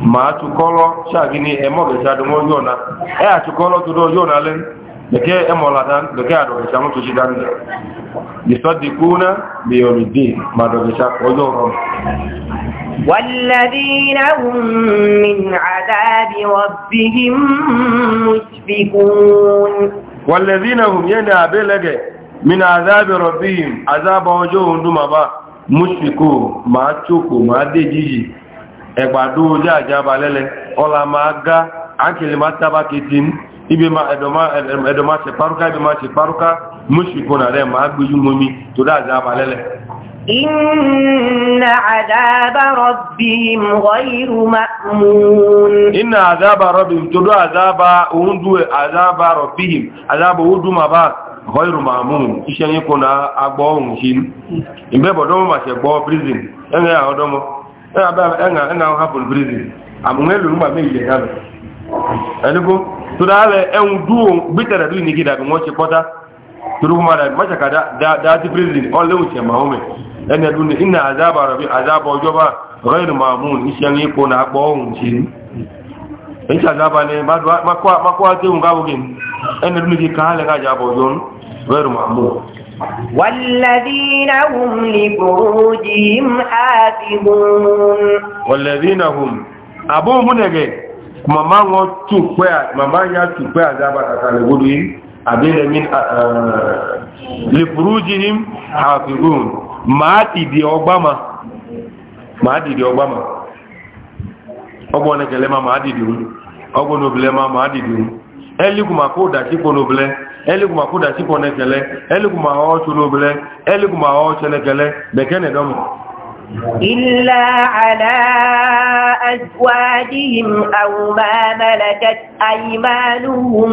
ma atukɔlɔ sagi ni ɛmɔ gɛsɛ adumu yɔna ɛ atukɔlɔ tu dɔ yɔna lɛ gɛkɛ ɛmɔ la dan gɛkɛ adɔ gɛsɛ amu tusi dan lɛ bisɔdi kuna biyɔni den ma dɔ gɛsɛ ɔyɔ rɔ. والذين هم من عذاب ربهم مشفقون والذين هم ينا بلغ من عذاب ربهم عذاب وجوه دمبا ما تشوكوا ما ẹgbàdo ojú àjába ọlá máa gá ákìlì máa tábà kìtì ní ẹ̀dọ̀má ṣe párúká ibi máa ṣe párúká mọ́ṣìkún rẹ̀ máa gbéjú mọ́mí tó dá Inna azaba rabbihim ghayru ma'mun. Inna azaba rabbihim azaba undu azaba rabbihim azaba udu ma'mun. Ise yin kuna agbo ohun shin. bodo ma se gbo prison. odomo. ẹ̀nà hapun prison àmúhẹ́lù nígbà méjì ẹ̀yà rẹ̀ ẹ̀lúgbó tó dáálẹ̀ ẹ̀hùn dúó gbítẹ̀rẹ̀ dúó nìgídà bí wọ́n ṣe pọ́tá torí wọ́n máa mọ́ṣàkà dáàtí prison ọlẹ́hùn ṣe máa hùmẹ̀ na àpọ̀ ohun ṣe ní ṣe àzába ní makọ́ àtẹ́hùn gáwógin ẹni والذين هم لفروجهم حافظون والذين هم أبو منغي ماما تقوى ماما يا تقوى زابا تقول abin min lifurujihim hafizun ma dìdì ọgbáma ma dìdì ọgbáma ọgbọ́n ẹkẹlẹ́ma ma dìdì ọgbọ́n ma eliguma kuda sikɔ ne kɛlɛ eliguma hɔ tsolo bilɛ eliguma hɔ tsɛnɛ kɛlɛ bɛkɛ ne dɔmɔ. إلا على أزواجهم أو ما ملكت أيمانهم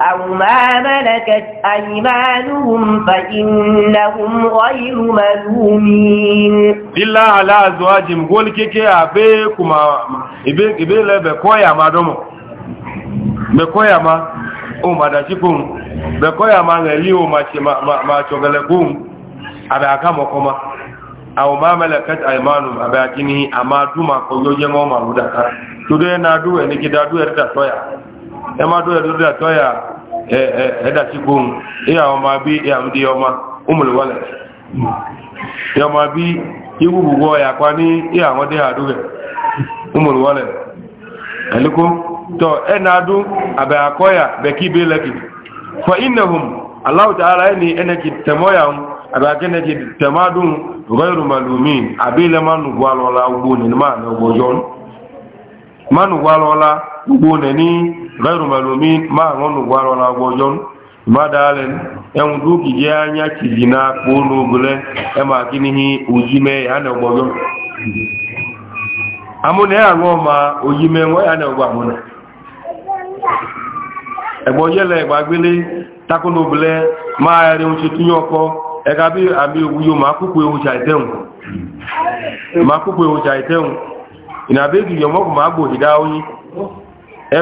أو ما ملكت أيمانهم فإنهم غير ملومين إلا على أزواجهم قول كيكي أبيكما إبيك إبيك لبكويا ما دومو بكويا ما o ma da ci kun be ko ya ma ngali o ma ci ma ma chogale kun ada ka mo koma aw ma malakat aymanu abakini ama duma ko na du ni ki du er da toya e ma du er e e e da ci kun e ya o ma bi e am di o adu ge umul walad to enadu abe akoya be kibe fa innahum allah ta'ala yani enaki tamoya ya um, akene ki um, ghayru malumin abile manu gwalola ubuni mana ubojon manu ubuni ni ghayru ma ngonu gwalola ubojon ẹ̀gbọ́n yẹ́lẹ̀ ìgbàgbélé takónobìlẹ̀ máa rí oúnjẹ tún yọ ọkọ ẹ̀ka bí àmì òwúyọ máa kúkú oúnjẹ àìtẹ́hùn máa kúkú oúnjẹ àìtẹ́hùn ìnàbẹ́gì yọmọ́kù máa gbò ìdá oyin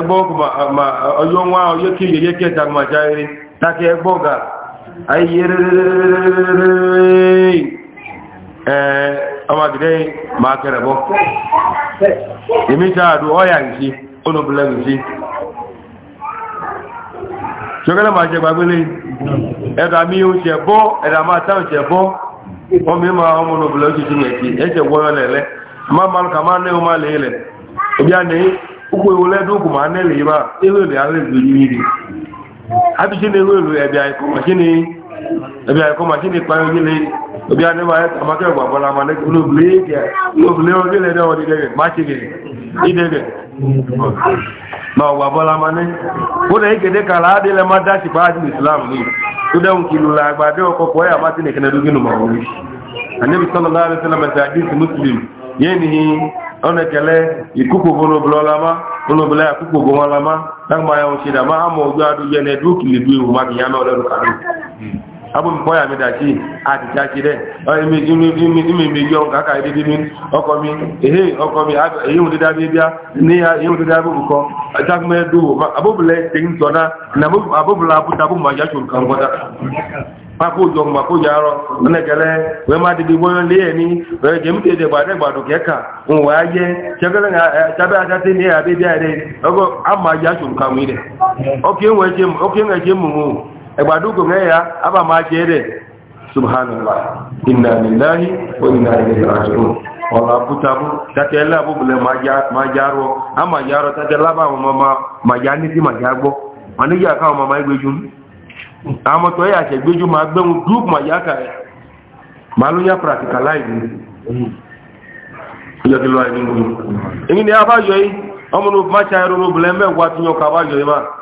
ma ọyọ́ wá ọyọ́ kí yẹyẹ kí ẹta máa járe tákẹ́ ẹgbọ́ ga ayé ọmọdé máa kẹrẹ̀ bọ́ èmi ṣọ́gẹ́lẹ́ máa jẹ gbagbélé ẹ̀dà mi ó ṣẹ bọ́ ẹ̀dà máa táwọn ṣẹ bọ́ ọmọ ìmọ̀ ọmọ òbìlẹ̀ ojúṣe yẹn kí ẹ̀ṣẹ̀ wọ́yọ́ lẹ̀lẹ́ máa máa kà ma nẹ́wọ́ máa lẹ́yìn lẹ̀ òbí àná ukwu ewu lẹ́dún kù máa nẹ́lẹ̀ yìí bá ewé lè alẹ́ ìlú yìí rí àbí ṣe ni ìdẹ́gẹ̀ ma ọgbà bọ́lá ma ní ikede dẹ̀ ìkèdè kàrà ádìlẹ̀ má dá ṣìpá àti islam ní la agba kìlù làgbàdé ọkọ̀ pọ̀ yà má ti nìkan ẹ̀dùn gínú màá wọlé àníbi sọ́nà láàrin sílẹ̀ mẹ́ta na muslim yéé ni ọ̀nà kẹlẹ́ ìkúkò bọ́nà ya ọlámá bọ́nà obìnrin na bọ́nà ọlámá dáhùn máa yà wọn ṣe dà má àmọ̀ ọjọ́ adójẹ́ ẹni ẹ̀dùn kìlì dùn ìwò má kìyàmẹ́ abun bọ́yà mi dàjí àti jájí rẹ̀ ìmì mi yọ kàkà ìdídí mi ọkọ̀ mi èyí ọkọ̀ mi èyíhùn dídá bí bíá ní èyíhùn dídá búbùkọ́ ìtàkùnmẹ́ dúwò abúbùlẹ̀ tẹ̀yìn tọ́ná abúbùlẹ̀ abúta bú màá yàtò yarọ ọlẹgẹlẹ ẹgbàdógò ya abàmájẹ́rẹ̀ subhanallah inna lillahi wa inna ilaihi raji'un ọ̀rọ̀ abútabú dákẹ́ lábúbulẹ̀ máa járọ a máa járọ tàbí lábàwọn ọmọ máa já ní sí máa já gbọ́ wọn ní yàká ọmọ máa gbéjú àwọn tó yà ṣẹ̀ gbéjú máa gbẹ́hun dúk ma yá kàrẹ̀ máa ló yá practicalize ní ìjọ kìlọ̀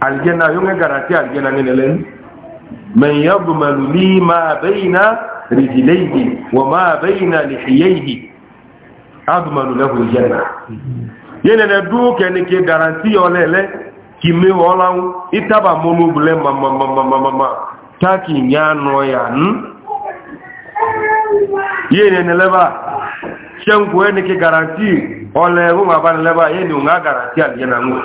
aljanna yonge garanti aljanna ngene len man yadmanu li ma baina rijlaihi wa ma baina lihiyaihi admanu lahu aljanna yene na du kene ke garanti olele ki me olawu itaba monu bule ma ma ma ma ma ma, ta taki nyano ya n hmm? yene ne leba shenku ene ke garanti ole ngunga ban leba yene ngunga garanti aljanna ngunga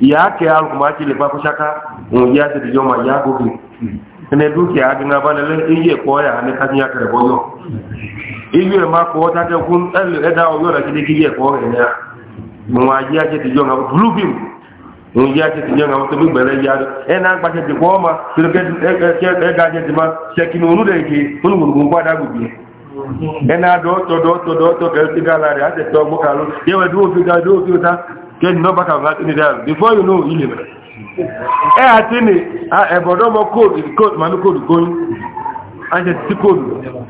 ya ke alkumaci le fafi shaka ya ya ne na bana le iye ne ya kare boyo iye ma ko ya mun wa ya ke da yoma blue beam ya ke da yoma to bi ya e na ke ko ma to ke ke ga ke ma se ki no nu de kun da do to do to do to ke ti ga a te to kẹ́ni nọ́bà kàfà tí ní dáàrù before you know ilẹ̀ rẹ̀ ẹ àti ní ẹ̀bọ̀dọ́mọ kóòdù kóòdù manú kóòdù góyún àṣẹ tí kóòdù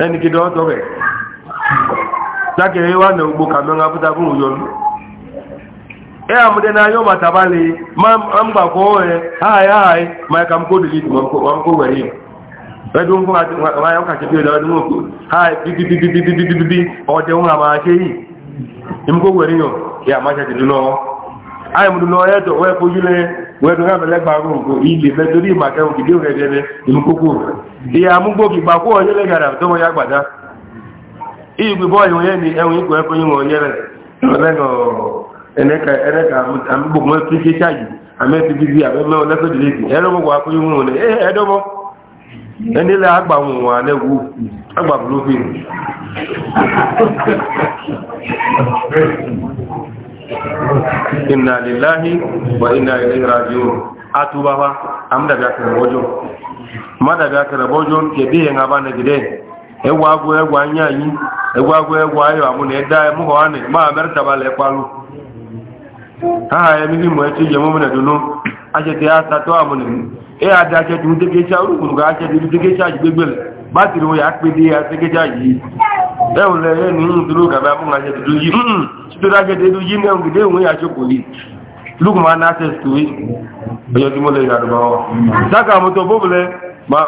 ẹni kí dọ́ọ̀tọ̀ rẹ̀ jákèrè wà ní gbogbo kàmẹ́rin abúta fún òyọ́ ẹ àmúdẹ́ náà yọ́ màtàbá lè máa ń gbà kọ́ ẹ̀ háàyè háàyè máa kàm kóòdù lè wọ́n kó wẹ̀rí ẹdún fún àyàn kàṣẹ bí ọ̀dọ̀ ẹdún òkú háàyè bíbíbíbíbíbí ọ̀dẹ̀ òun àmà ṣe yìí ìmúkó wẹ̀rí yàn ẹ àmà ṣe ọ́ ayé mu dunu ọyẹ tó ọyẹ kojú lẹ wẹ dunu ẹmẹ lẹgba ọgbọn nko ilé mẹ torí ìmọ akẹwọn kìdí òkè gẹdẹ ìmú kókó ìyá amúgbó kìgbà kó ọyẹ lẹ gàdà tó wọn yá gbàdá iye gbé bọ́ọ̀lù wọn yẹ ni ẹwọn ikọ̀ ẹkọ yín wọn yẹ rẹ ti inna lillahi wa inna ilaihi raji'un atuba fa amda ga kan bojo mada ga bojo ke bi en aba na gide e wa go e wa nya yi e wa go e wa ayo amu ne da e mu ho ne ma merta ba le ha ya e mi ni mo e ti je mo na dunu a je te ata to amu ni e je du de ke cha ga je de bátìrì wọn yà pé dé àtẹ́gẹ́já yìí ẹ̀hùn lẹ́yẹ́ ní ìdúró kàbẹ́ abúngáṣẹ́ dúdú yìí mún hmm, hmm. títí dájẹ́ dédú yìí mẹ́rin gìdé náà ọjọ́ tí mo lè ma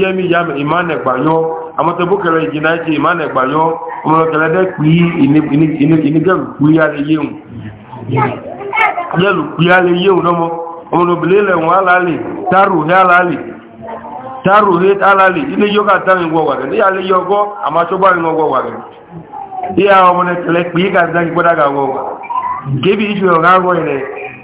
ya ìmánẹ̀gbàyọ́ àmọ́tọ̀ bókẹ̀rẹ̀ ìjìnà ẹ̀ṣẹ̀ ìmánẹ̀gbàyọ́ ọmọlọ́kẹ̀rẹ̀ dẹ́ taru he alali ile yo ka tan wo wa re ya le yo go ama so ba ngo wo wa re ya o mo ne kle pi ga da ki poda ga wo gebi ju ga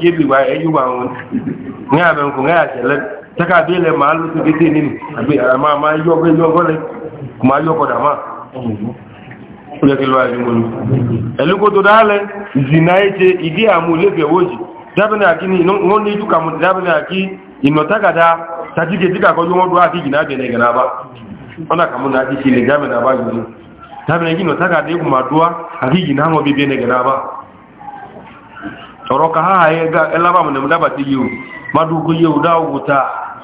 ke bi wa e yuwa won ni aben ko ngaya tele taka bi le ma lu ti ti ni abi ma ma yo be yo gole ma yo ko da ma kule ke lo ayi mo elu ko to dale zina ite idi amu le be woji dabena akini no ni du kamu dabena aki ino takada tatike tika ko yo do aki gina be ne gina ba ona kamu na aki le na ba yuri dabena gino takade ku madua aki gina mo bi be ne gina ba ọ̀rọ̀ ka ha ga ayé ẹlábà mọ̀ nẹ̀mú dábàtí yíò mádùkú yíò dáwòwò ta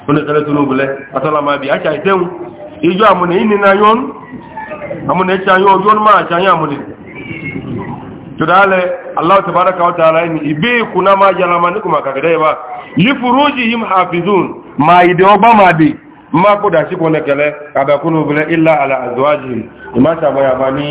oníkẹlẹ̀ tó lóbulẹ̀ atọ́lámàbí àti àìsẹ́hùn ìjọ àmúnẹ̀ yìí nínú ayọ́n àmúnẹ̀ ṣe ayọ́ ọjọ́ máa ṣe ma àmúnẹ̀ tòdálẹ̀ aláwọ̀tẹ̀bárakàwọ̀tààrà ìmáṣàmọ́yàmá ní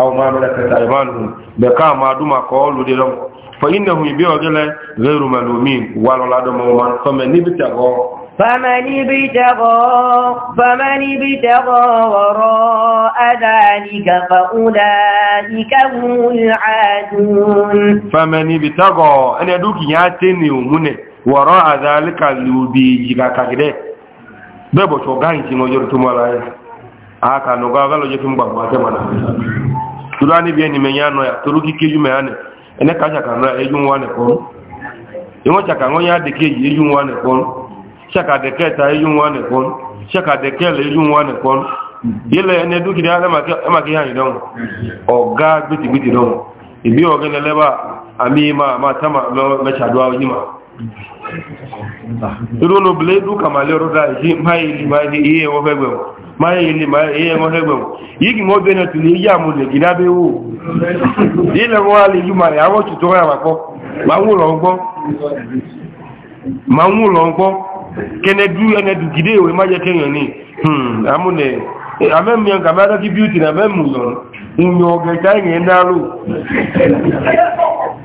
àwọn ọmọ ẹ̀rẹ́kẹta ìmánu bẹ̀ká ma àdúmà kọ́ lóde lọ́wọ́ فإنه يبيع جل غير ملومين ولو لدم ومن فمن ابتغى فمن ابتغى فمن ابتغى وراء ذلك فأولئك هم العادون فمن ابتغى أنا دوك na ومنه وراء ذلك ya aka no gagalo je tumba mate mana tulani ya turuki ene ka chaka na eju nwa ne chaka nwo ya deke yi eju nwa ne chaka deke ta eju nwa ne kon chaka deke le eju nwa ne kon dile ene du kidi ala maki maki ha idon oga gbiti gbiti don ibi oga ne leba ami ma ma tama me chadwa yima irúlò bìlẹ̀ dúkà máa lè rọ́dá ìjí iye wọ́n fẹ́ gbẹ̀mù máa ilé iye wọ́n fẹ́ gbẹ̀mù yìí kì mọ́ bẹ́ẹ̀ tún lè yí àmúlẹ̀ gídá bẹ́ wò ilẹ̀ wọ́n a lè yí màrẹ̀ àwọn tuntun rẹ̀ àpapọ̀ máa ń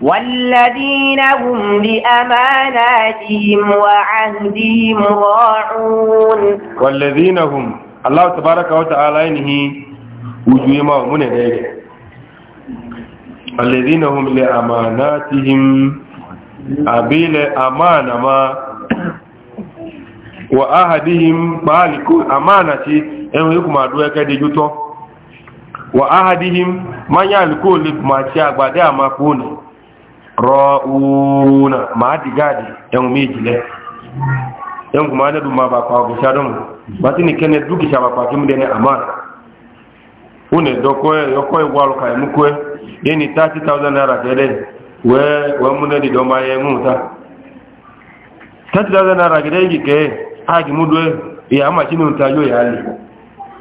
والذين هم بأماناتهم وعهدهم راعون والذين هم الله تبارك وتعالى إنه وجوهما من ذلك الذين هم لأماناتهم أبيل أمانة ما وأهدهم بالك أمانة أنه يكما دوك دي وأهدهم ما يالكو لكما تشاء بعد أما كونه ra'una ma ti gadi yan meji le yan kuma na duma ba kwa ko shadon ba tini kene duki shaba kwa kimu dene amana une doko yo ko e walu kai mu ko yeni 30000 naira kede we we mun ne do ma ye mu ta 30000 naira kede yi ke agi mu do e ama chinu ta yo ya ali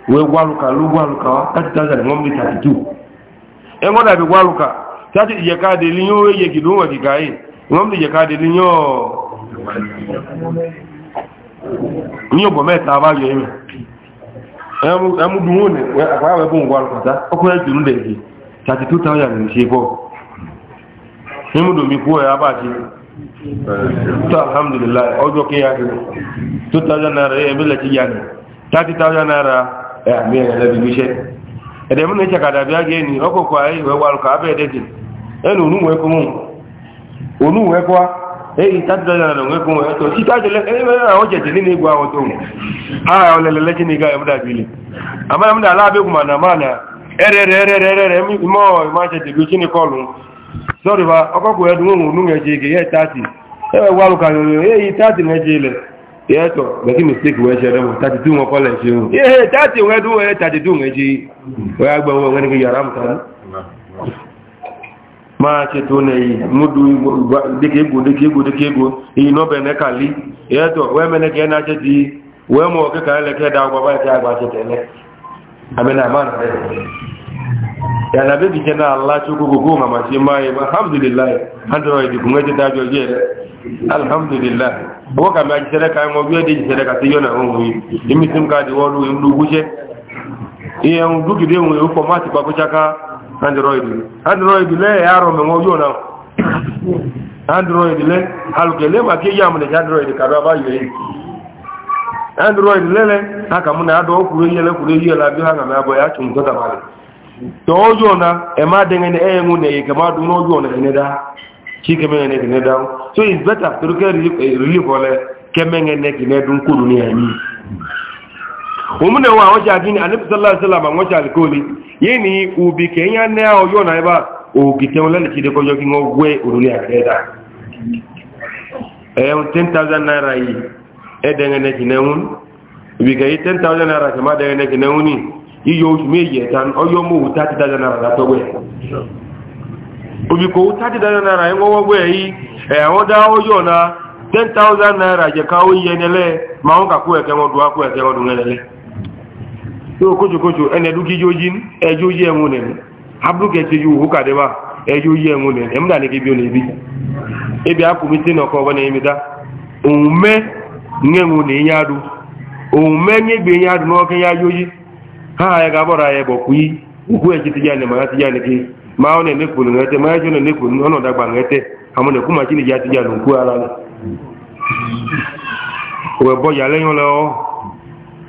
we walu ka lu walu ka 30000 ngomni 32 e ngoda bi walu ka ti ijekadi linyo ye kidunga kikai ngombe ijekadi linyo niyo bometa abayo yimi emu emu duone akwawe bungwa lokata okwe dirunde ki chati 2000 nchipo nimu do mi kuwe abati to alhamdulillah ojo ke ya 2000 naira e bele 30000 naira e mi ele bi ede m na-eche ka dabịa gị enyi ọkụkụ anyị wee eyi na nwekwu nwe eto ebe na o m na ala abịagwu mana ma na erere erere chineke ọlụ sọrịba ọkọkụ edu nwe e, ka eyi na eje yẹ́tọ̀ gbẹ̀kí mistake wọ́n ṣe rẹ̀mù 32 wọn kọ́lẹ̀ ṣe ohun yẹ́ 30 wọ́n ẹdún wọ́n 32 wọ́n ṣe wọ́n yá gbẹ̀wọ́ wọ́n ní yàrá mùtàrí máa ṣe tó nẹ̀ yìí múdú dékégó dékégó dékégó èyí náà bẹ̀ nẹ́ka lé yẹ́tọ̀ wọ́n mẹ́nẹ́kẹ́ náà ṣe ti wọ́n mọ̀ kíkà ẹlẹ́kẹ́ alhamdulillah wo ka ma jisere ka ngo bi de jisere ka ka di wolu iye du ki de ko ma ti pa ko chaka android android le yaro me ngo yo na android le le ya mu de android ka do ba yi android le le aka na do ku yele ku yele la ha na ma bo ya chun to ta ba to yo na e ma de ngene e ngo ke ma du no na ne chi ke me ne ne da so it's better to get eh, relief ole kemenge ne kine dun kudu ni ani umune wa oja gini anabi sallallahu alaihi wasallam ngoja alikoli yini ubi kenya ne o yona iba o giteun lele kide ko yo kingo we uruli akeda eh 10000 naira yi edenge eh, ne kine un ubi ga 10000 naira kema denge ne kine uni iyo osu meje tan oyo mo 30000 naira to we obiko thirty thousand naira ẹ̀ ń wọ́wọ́ gbé yìí ẹ̀ wọ́n dá ó yọ̀ na ten thousand naira jẹ̀ka oyi yẹ ẹni lẹ́ máa ń kàkú ẹ̀kẹ́ wọn dùn á kú ẹ̀kẹ́ wọn dùn ẹ̀lẹ́ lẹ́ yóò kójòkójò ẹni ẹ̀dúkí yóò yí ẹjọ́ yí ẹjọ́ yí dàní kébi ebi akùnmi tí nọkọ ọba náà mi dá òun mẹ́ ńẹ̀wọ̀n yá du òun mẹ́ yá du náà kẹ́ yá yóò yí kú yí òkú ẹ̀ ma ọ na-eme kwuru nwete ma ejọ na-eme kwuru ọnọdụ agba nwete amụ na ekwuma chi na ji atịja na nkwu ala wee bọ ya lenye ụlọ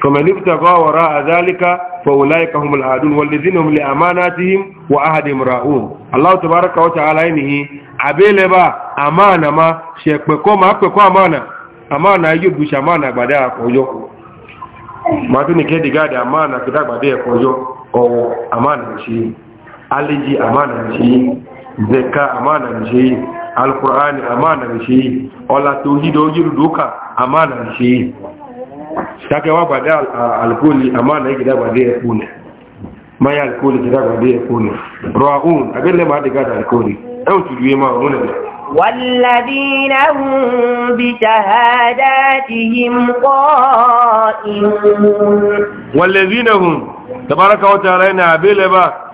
فمن ابتغى وراء ذلك فاولئك هم العادون والذين هم لاماناتهم وعهدهم راؤون الله تبارك وتعالى انه ابيلبا امانه ما شيكو ما كو امانه امانه يجب شمانه غدا كوجو ما تني كدي غدا امانه كدا غدا كوجو او امانه شيء aliji amana shi zeka amana shi alkur'ani amana shi ola tauhido yiru duka amana shi take wa bade alkuli amana yake da bade kune mai alkuli kida bade kune raun abelle ma diga da alkuli au tuduye ma mun والذين هم بشهاداتهم قائمون والذين هم تبارك وتعالى نابل بقى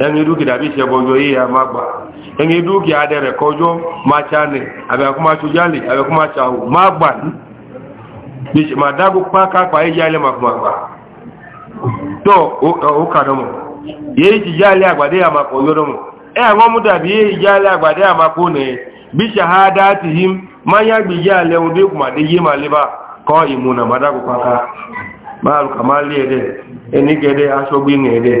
ẹni dúkìá bí ṣe bọjọ yìí a máa gbà ẹni dúkìá dẹrẹ kọjọ máa ṣá ní àbẹ̀kúmá ṣojálè àbẹ̀kúmá ṣàwò máa gbà ní bí ṣe máa dágó pákápá yìí yálẹ̀ màkùmàgbà tó ó kàdọ́mọ̀ yìí ti yálẹ̀ àgbàdé àmàkọ̀ yọ́dọ́mọ̀ ẹ àwọn mú dàbí yìí yálẹ̀ àgbàdé àmàkọ̀ nẹ̀ bí ṣe ha dá ti yí máa yàgbé yálẹ̀ ohun dékùmàdé yé máa lé bá kọ́ ìmúnà má dágó páká máa lùkà máa lé ẹ̀dẹ̀ ẹni gẹ̀ẹ́dẹ̀ aṣọ́gbé ní ẹ̀dẹ̀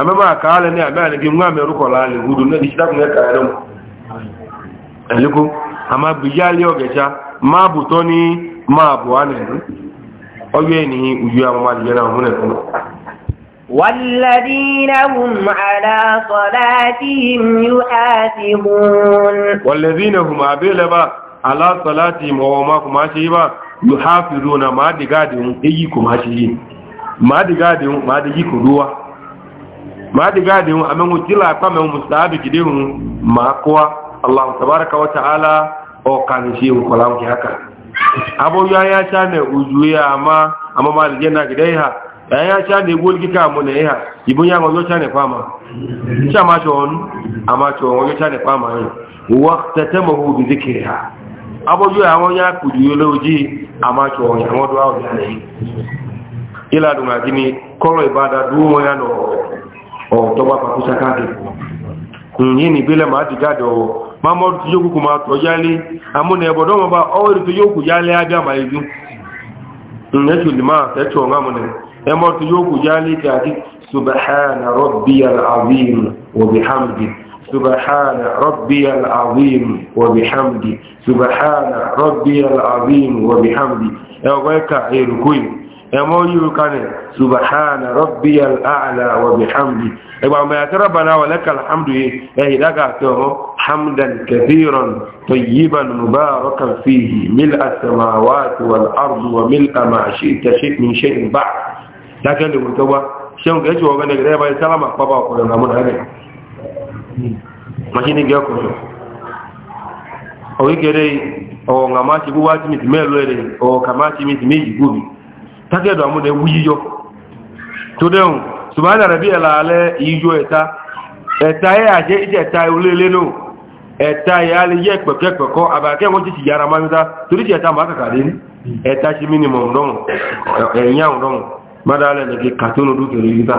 amema aka ale ne ame anigi ŋu ame rukɔ la le gudu na di sitaku ne ka ɛlɛm amma ama gbedzi ali ma buto ni ma bu anɛ ɔyɔɛ ni uyu amama di yɛlɛ ɔmu ne kɔnɔ. والذين هم على صلاتهم يحافظون والذين ma diga adin amen utila pa men mustahabi gide hun ma Allah tabaraka wa ta'ala o kan shi ko lawo ki haka abo ya ya cha ne ama ama ma aljanna gide ha ya ya cha ne golgi ka mu ne ha ibun ya ngo cha ne fama cha ma shon ama cho ngo cha ne fama ni waqtatamahu bi dhikriha abo ya ngo ya kudu yoloji ama cho ngo do awo ya ne ila dunga jini koro ibada duwo ya no ọ̀tọ́gbà pàkúsá káàkiri hmm, yìí ní ìbílẹ̀ máa ti gáàdì ọwọ́ máa mọ́ tí yóò kúkú máa tọ́ yálé àmúnà ẹ̀bọ̀dọ́ mọ́ bá ọwọ́ ìrìn tó yóò kú yálé ágbàmà ìlú ẹ̀ṣù lè máa tẹ́tù ọ̀rọ̀ àmúnà ẹmọ́ tí yóò kú yálé hmm, kàdí subahana rabbiyal azim wa bihamdi subahana rabbiyal azim wa bihamdi subahana rabbiyal azim wa bihamdi ẹ̀wọ́ ẹ̀ka èrùkú يموجب كان سبحان ربي الأعلى وبحمدي إبا ما يتربنا ولك الحمد إيه لك حمدا كثيرا طيبا مباركا فيه ملء السماوات والأرض وملء ما شئت شيء من شيء بعد لكن المتوى شنو كيش هو بنك ريبا يسلم أقبابا وقلنا من هذا ما شيني جاكو شو أو يكري أو غماتي بواتي مثمال ولي أو كماتي مثمي جبوبي tágẹ́dọ̀ àmúdẹ wú yíyọ tó dẹ̀hùn ṣùgbọ́n àrẹ̀bí ẹ̀là alẹ́ yíyọ ẹ̀ta ẹ̀ta ẹ̀ àjẹ́ ìjẹ́ ẹ̀ta olélé náà ẹ̀ta ẹ̀ alẹ́ yẹ pẹ̀kẹ́pẹ̀kọ́ àbàkẹ́ wọ́n ti ti yára máa ń dá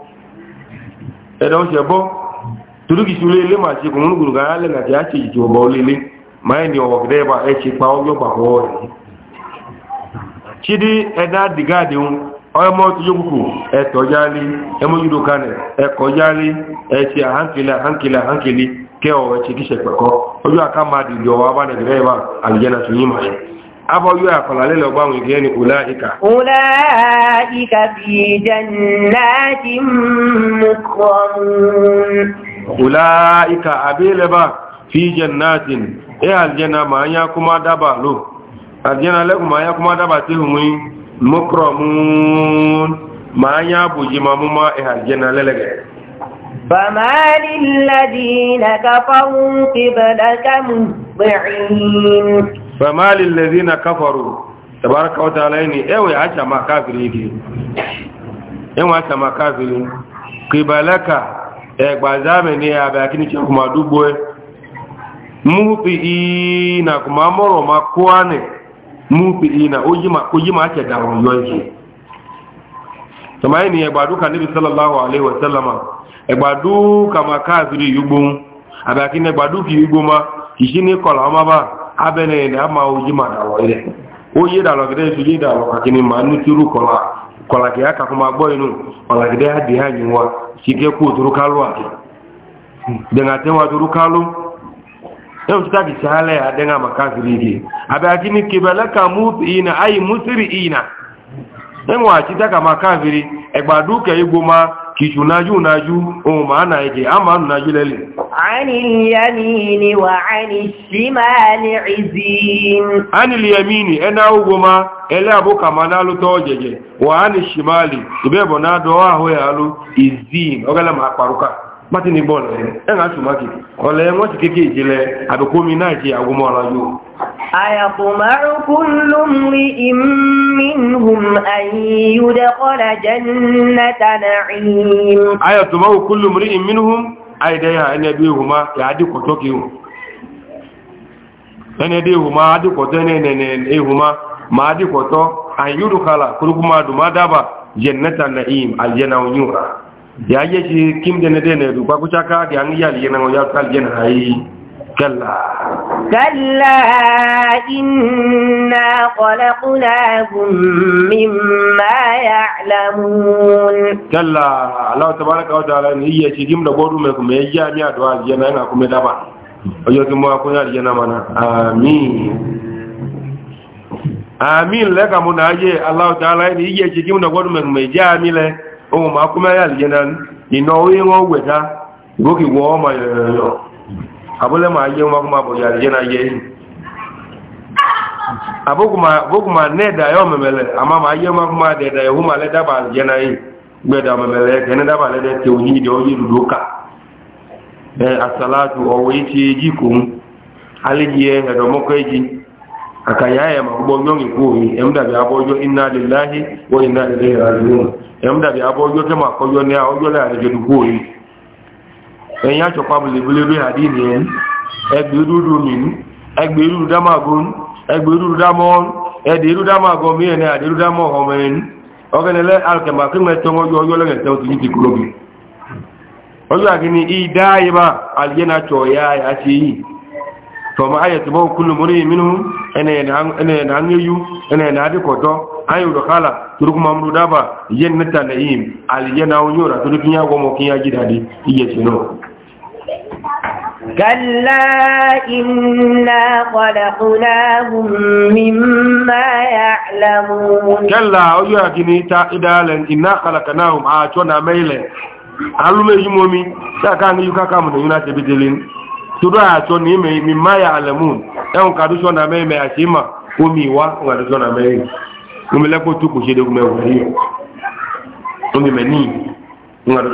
ẹ̀dá ọ̀sẹ̀ bọ́ torúkì tí olóyè lé máa ṣe kùnún gbòrò gáyà lẹ́nà tí a ṣe ìjì ọba olélé máa ní ọ̀wọ̀ kẹ́dẹ́ bá ẹ ṣe pa ọjọ́ bà wọ́ ẹ̀ ṣídí ẹ̀dá dìgáàdì ń ọmọ tí yóò kù ẹ̀tọ́ jáde ẹmọ yúdo kanẹ̀ ẹ̀kọ́ jáde ẹ̀ṣẹ̀ àhánkìlẹ̀ àhánkìlẹ̀ àhánkìlẹ̀ kẹ́ ọ̀rọ̀ ẹ̀ṣẹ̀ kíṣẹ̀ pẹ̀kọ́ ọjọ́ àkàmàdì ìjọba bá nàìjíríà àlùjẹ́ nà abọ́jú àkọlàlẹ́ lọ bá wọn ìgbẹ́ ni ọláìka. ọláìka fi jannati mukọrún. ọláìka abẹ́lẹ́bà fi jannati ẹ aljana ma ń yá kuma dábà lò aljana lẹ́kùn ma ń yá kuma dábà tí hùn mukọrún ma ń yá bùjí ma mú ma ẹ aljana lẹ́lẹ́gẹ̀ẹ́ فَمَالِ الَّذِينَ كَفَرُوا قبلك مهضعين فما للذين كفروا تبارك وتعالى ني ايوه عشا ما كافر يجي ايوه عشا ما كافر قبلك اغبازامي ني ابي اكني كما دوبوه مهضعين كما مروا ما كواني مهضعين اوجما اوجما عشا دارون يوجي تمام ني اغبادوك النبي صلى الله عليه وسلم egbadu kama kaziri yugbo abaki ne gbadu ki yugbo ma kiji ni kola ma ba abene ne ama oji ma dalo ile o ye dalo gede su ye dalo ka kini ma nu turu kola kola ki aka kuma gbo inu kola adi ha ni wa ku ake te wa turu kalu ya ina e egbadu ke kìtù nájú nájú ohun máa náà ẹ̀kẹ́ a máa nájú lẹ́lẹ̀. anìlìyàmìnì wà anìṣímàlì ìzìn. anìlìyàmìnì ẹ̀nà ogun ma ẹlẹ́ àbúkà máa náà ló tọ́ jẹjẹ wà anìṣímàlì ìbẹ́bọ̀ náà dọ́wọ́ àhó ẹ̀ aló ìzìn ọgẹ́lẹ́ máa parúkà pátí ní bọ́ọ̀lù ẹ̀ ẹ̀ أيطمع كل امرئ منهم أن يدخل جنة نعيم أيطمع كل امرئ منهم أي ديا أن يبيهما يعدي كتوكيو أن يبيهما يعدي كتوكيهما ما يعدي كتو أن يدخل كلكما دما دابا جنة نعيم الجنة ونيورا يا يشي كم جنة دينا دوبا كشاكا يا نيال ينا ويا سال جنة هاي كلا كلا إنا خلقناهم مما يعلمون كلا الله تبارك وتعالى هي شجم لبورو مكم يجي أمي أدوى الجنة أنا كم دابا ويوكي مو أكون الجنة منا آمين آمين لك من أجي الله تعالى هي شجم لبورو مكم يجي أمي لك أو ما كم يجي الجنة إنه ينوي وجه gókè wọ́n ọmọ ẹ̀rọ abúlé máa yé wọn kó máa bọ̀ yàrá yẹn náà yẹ yìí abókùnmá ní ẹ̀dá yọ o àmá máa yé wọn kó máa dẹ̀ ẹ̀dá ìhùmà lẹ́ dábàá yẹn náà yìí gbẹ̀dà mẹ̀mẹ̀lẹ̀ kẹ́ni dábàá lẹ́dẹ̀ tẹ̀ òyìn ìdí ọyẹ́ lùdó kà ẹ̀ àsàlátù ọ̀wọ́ yìí ti jí kùn alẹ́jì ẹ̀ ẹ̀dọ̀ ya yìí àkàyà ẹ̀ mà gbọ́ yọ̀ ìkú mi ẹ̀yìn àjọpá bulebulebe àdínì ẹni ẹgbẹ̀rúdú mìínú ẹgbẹ̀rúdú dámàgún ẹgbẹ̀rúdú dámọ́ọ́n ẹ̀dẹ̀rúdú dámàgún mí ẹni àdẹ̀rúdú dámọ́ ọmọ ẹni ọgẹ́nẹlẹ́ alkẹ̀mà kí mẹ́tọ́ ọjọ́ ọjọ́ lẹ́gẹ̀ẹ́tẹ́ òtún ti kúrò bí ọjọ́ àgíní ìdáyébá àlìyẹ́nà tọ̀ ya àti yìí tọ̀mọ̀ ayẹ̀tìmọ́ kúlù mọ́rí mínú كلا إنا خلقناهم مما يعلمون كلا أجوا كنيتا إدالا إنا خلقناهم آتونا ميلا alume yi momi ta na yuna te bidelin tudo a to ni me mi ma ya alamun en ka du shona me mi wa nga du shona me ngum le ko tu ko shede ko me wuri ngum me ni nga du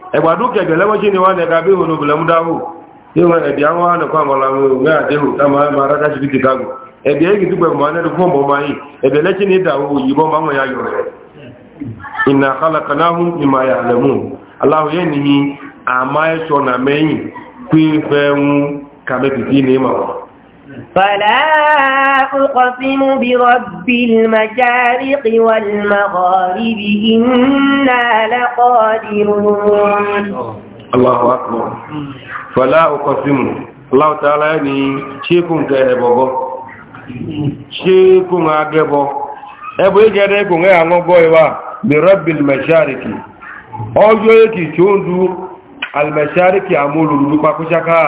ẹgbàdú kẹgbẹ lẹwọjì ni wọn ẹka bí hùn obìnrin dáhù tí wọn ẹbí àwọn wọn nìkan àmọlà wọn ní àdéhù táwọn ẹmọ aráta sí chicago ẹbí ẹyìn tó gbẹmọ ẹni fún ọmọ ọmọ yìí ẹbí ẹlẹtí ní alahu òyìnbó máa ya yọ rẹ ìnà kálákanáhùn ìmọ فلا أقسم برب المشارق والمغارب إنا لقادرون الله أكبر فلا أقسم الله تعالى يعني شيكم كهبه شيكم أجبه ẹbù ìjẹ́rẹ́ kò ń àwọn ọgbọ́ ìwà mìírànbìl mẹ́ṣàríkì ọjọ́ èkì tí ó ń dú alìmẹ̀ṣàríkì àmúlùmí pàkúṣákáà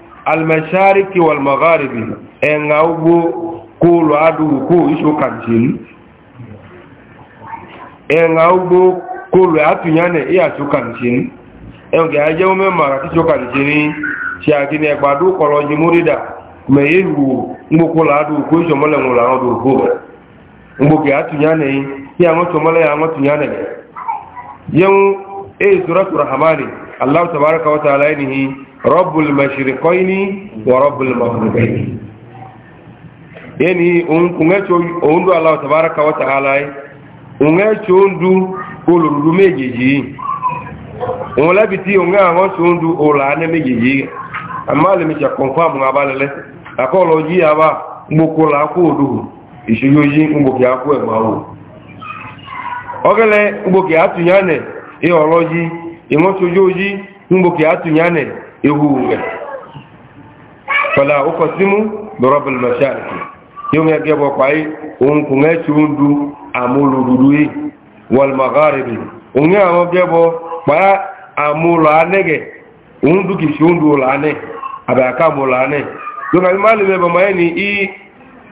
almashariki walmagharibi ẹ̀ngà ugbo kóòlù adúgbò iṣò kàjìlú ẹ̀ngà ugbo kóòlù àtúnyánẹ̀ ìyàṣò kàjìlú ẹ̀ngà ajẹ́ omi mara tíṣò kàjìlú ṣe àkíní ẹgbàdó kọ̀rọ̀ yìí múrídà mẹ̀yẹ́ ìwò ngbókòlù adúgbò ìṣọ̀mọ́lẹ̀ ńlọ àwọn adúgbò ngbókè àtúnyánẹ̀ yìí àwọn ṣọmọ́lẹ̀ àwọn àtúnyánẹ̀ yẹun èyí sọ́rọ̀ sọ́rọ̀ hamani Allah tabaraka wa ta'ala yanihi rabbul mashriqaini wa rabbul maghribaini yani un kungacho undu Allah tabaraka wa ta'ala ungacho undu olururu mejeji onla biti unga ngo undu olane mejeji amale mi cha confirm ngabalele akolo ji aba ogele ìwọ́n sojú ojí ń gbòkè àtúnyánẹ̀ ewu rẹ̀ fọlá ọkọ̀ símú lọ́rọ̀bìn mọ̀ṣáàkì tí ó ń gẹ́gẹ́ bọ̀ pàáyé òun kò ń ẹ́tù ń du àmúlùdúdú yìí wọ́n màgárìbì òun àwọn gẹ́bọ̀ pàá àmúlò anẹ́gẹ̀ òun dúkì sí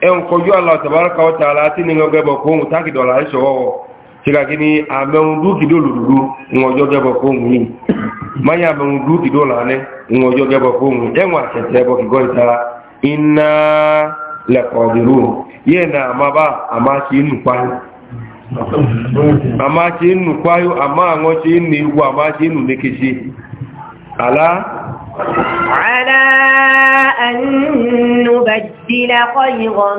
àlọ́ tàbárakà ọ̀tà silakini amẹun dúkìdó lòdòdó ńwọjọ gẹbọ fóònù yìí mayi amẹun dúkìdó lànà ńwọjọ gẹbọ fóònù ẹwọn àṣẹṣẹ ìta iná na amaba àmàṣe nùpáyò àmàṣe nùpáyò àmà àwọn ṣe ewu lékeṣe àlá على أن نبدل خيرا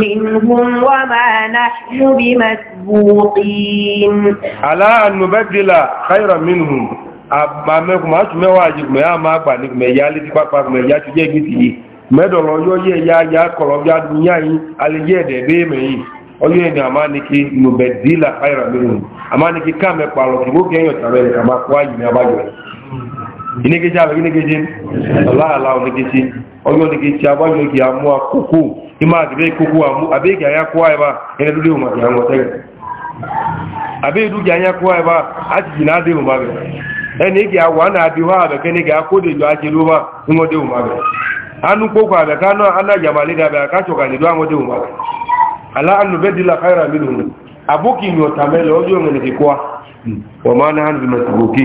منهم وما نحن بمسبوقين على أن نبدل خيرا منهم àmà mẹ́kùnmá túnmẹ́ wà jùmẹ́ àmà àgbà ní kùmẹ̀ yá létí pápá kùmẹ̀ yá tó jẹ́ gbìtì yìí mẹ́dọ̀lọ yóò yẹ ya ya kọ̀lọ̀ bí adúnyá yìí alẹ́yẹ́ ẹ̀dẹ̀ bẹ́ẹ̀ mẹ́yìn ọyọ́ ẹ̀dẹ̀ àmà ní kí nùbẹ̀dìlà ayọ̀rọ̀ mẹ́rin àmà ní ẹ̀yọ̀ tàbẹ̀rẹ̀ àmà kó àyè ní abájọ́ inegeji abẹ inegeji ọláàlá onegeji ọyọ onegeji abáyọgi amú akókó ima àgbẹ̀ kókó amú abẹ́gì ayakó àyẹ̀bá ẹni lórí òun àti àwọn ọ̀tẹ́gẹ̀ abẹ́ ìdúgì ayakó àyẹ̀bá àjìjì náà dé òun bá bẹ̀ ẹni wa àwọn àna àbíwá àbẹ̀kẹ́ ní igi akódèjọ ajẹlú wá ní wọ́n dé òun bá bẹ̀ anú kókó àbẹ̀ká náà anájàmàlẹ́ dàbẹ̀ àkáṣọ̀kà nìdó àwọn dé òun bá bẹ̀ alá anú bẹ́ dìlà káyọ̀rà mí lòun àbókì ìyọ̀tàmẹ́lẹ̀ ọjọ́ ìrìnlẹ̀ kíkọ́ wọ́n máa náà bí mẹ́tìbókì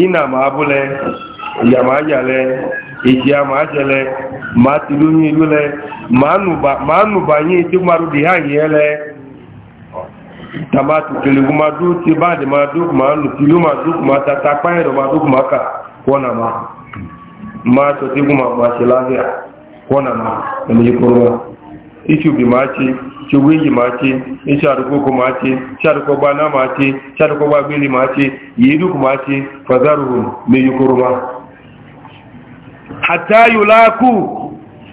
ina ma bu lɛ ya maa ya lɛ etia maa jɛ lɛ maa ti do nyi do lɛ maa nu ba nyi ti ma do di ha yɛ lɛ tama tu kele kuma do ti ba di ma do kuma nu ti ma do kuma tata kpaɛ do ma do kuma ka kɔna ma maa sɔ ti kuma ma se la fia kɔna ma ɛmi yi kɔrɔ itsu bi maa tsi. shugwiji mace in sharukuku mace sharukuba na mace sharukuba bili mace yi duk mace fazaruhun mai yi kurma hatta yulaku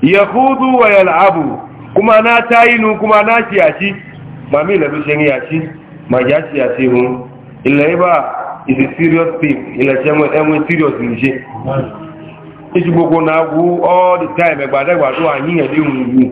ya hudu wa yal'abu kuma na tayinu kuma na siyashi ma mi labi shan yashi ma ja siyashi hun ilẹ̀ ba is a serious thing ilẹ̀ ṣe ẹmọ serious ní ṣe ìṣùgbogbo all the time ẹgbàdẹ́gbàdọ́ àyíyàn dé òun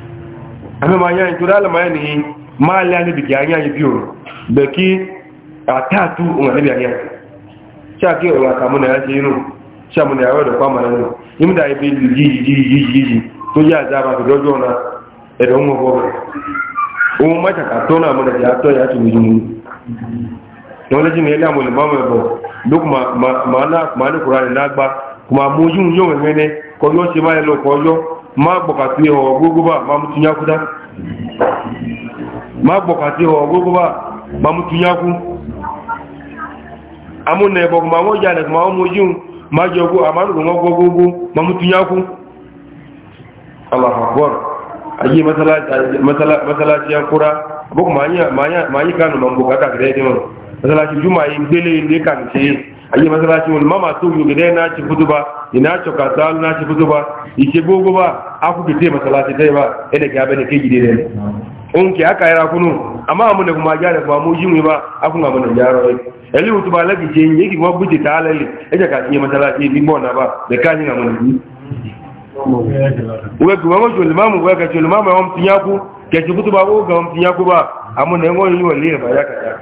amẹ́mọ̀ ayá ìjọdá alàmàyà ni maa lẹ́ níbìkì ayá ibi òun bẹ̀ kí àtàtù òun níbi ayá ṣáàkí ọ̀rọ̀ àtàmúnà ya ṣe inú ṣàmúnà ya rọ̀dọ̀ pàmà nínú nímúdà ibi yíyíyíyíyí tó yá àjábà tó dọ́jọ́ ọ̀nà ẹ̀dọ̀ ń wọ̀ ohun mẹ́tàkà tó náà mọ̀nà ya tọ́ ya tùwì yìí wọn lẹ́jìn ilé àmọ̀ lè máa ẹ̀bọ̀ lókù máa ní kùránì lágbá kùmà mú yíyún yóò má gbọ̀kàtí ọ̀wọ̀ gbogbo bá má mú tún yákú dá má gbọ̀kàtí ọ̀wọ̀ gbogbo bá má mú tún yákú amúnà ẹ̀bọ̀kùn má wọ́n yà nẹ̀kùn má wọ́n mojú má jọgbó àmánùkùn wọ́n gbogbo má mú tún yákú aláhàbọ̀r ayé mẹ́sàlájì yankúra bọ́kùn má yí kánù má gbọ̀kátà kìrẹ́ ayi masalasi wani mama to yi gida na ci fudu ba ina coka ta na ci fudu ba ishe gogo ba aku ki te masalasi dai ba ene ki abin da ke gide ne on ki aka yara kunu amma mun da kuma gyara ba mu yi ba aku ga mun gyara wai eli utu ba la ki je yi ki wa buji ta alali eja ka ni masalasi bi bona ba da ka ni ga mun uwe ki wa mo jol mamu uwe ka jol mamu wa mtinya ke ci fudu ba wo ga mtinya ba amma ne ngo yi wali ba ya ka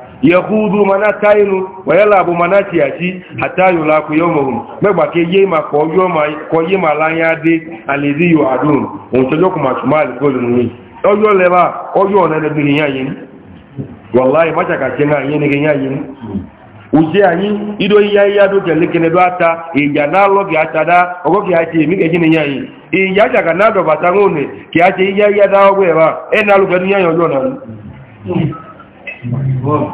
yahudu mana kainu wa yalabu mana tiyaci hatta yulaku yawmahum megba ke ye ma ko yo ma ko ye ma lanya de alizi yu adun on to joku ma tuma ali ko ni oyo le ba oyo na de bi yan yin wallahi ma chaka ke na yin ke yan yin uje anyi ido iya iya do je lekene do ata ija na lo bi ata da ogo ki ati mi ke jini yan yin ija chaka na do bata ngone ki ati iya iya da ogo e ba e na lu ke yan yo na Wow.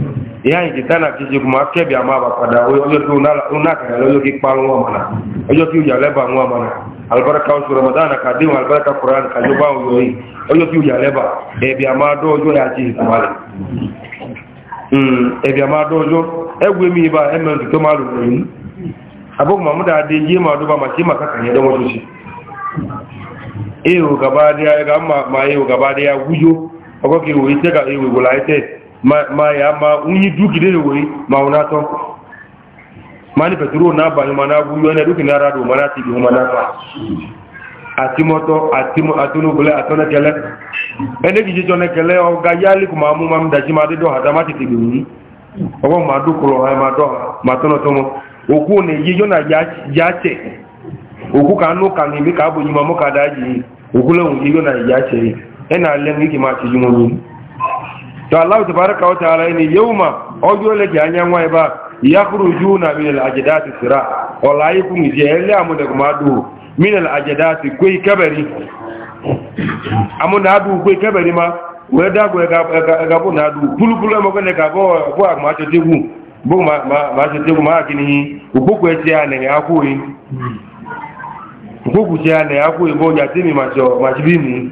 ìyá ìjìtánà kí ṣe kùmọ̀ akẹ́bì àmọ́ àbàpadà ọjọ́ tó náàkàrà lọ́jọ́ kí parun wọn mọ̀nà ọjọ́ tí òjà lẹ́bà wọn mọ̀nà albarka oṣù ramadan kàdéhùn albarka koran kàjọ bá òyò yìí ọjọ́ tí òjà lẹ́bà ẹ̀bì àmọ́ adó ọjọ́ yà ti ìtàmàlẹ̀ ẹ̀bì àmọ́ adó ọjọ́ ẹgbẹ́ mi ibà mn tó máa lò adé yé máa màkà ìtẹ́gà ẹ̀tẹ́ ma ya ma unyi duki de woi ma unato mani petro na ba ma na bu yone duki na rado ma na ti bi ma na pa atimoto atimo atunu bule atona kele ene gi jone kele o ga yali ku ma mu ma mda ji ma de do hada ma ti bi ni owo ma du kulo ma do ma tono tomo oku ne yi yona ya ya che oku ka nu ka ni mi ka bu yi ma mo ka da ji oku le un yi yona ya che ena le ni ki ma ti ju mo ni to Allah tabaraka wa ta'ala ni yawma ojo le ja nya ngwa ba yakhrujuna min al ajdath sira wallahi kun je le amu da kuma du min al ajdath koi kabari amu na du koi kabari ma we da go ga ga bu na du pulupulu mo ne ka go go ma to tegu bu ma ma to tegu ma kini ubuku e ti ane ya ku yi ubuku ti ane ya ku bo ja ti ma jo ma ti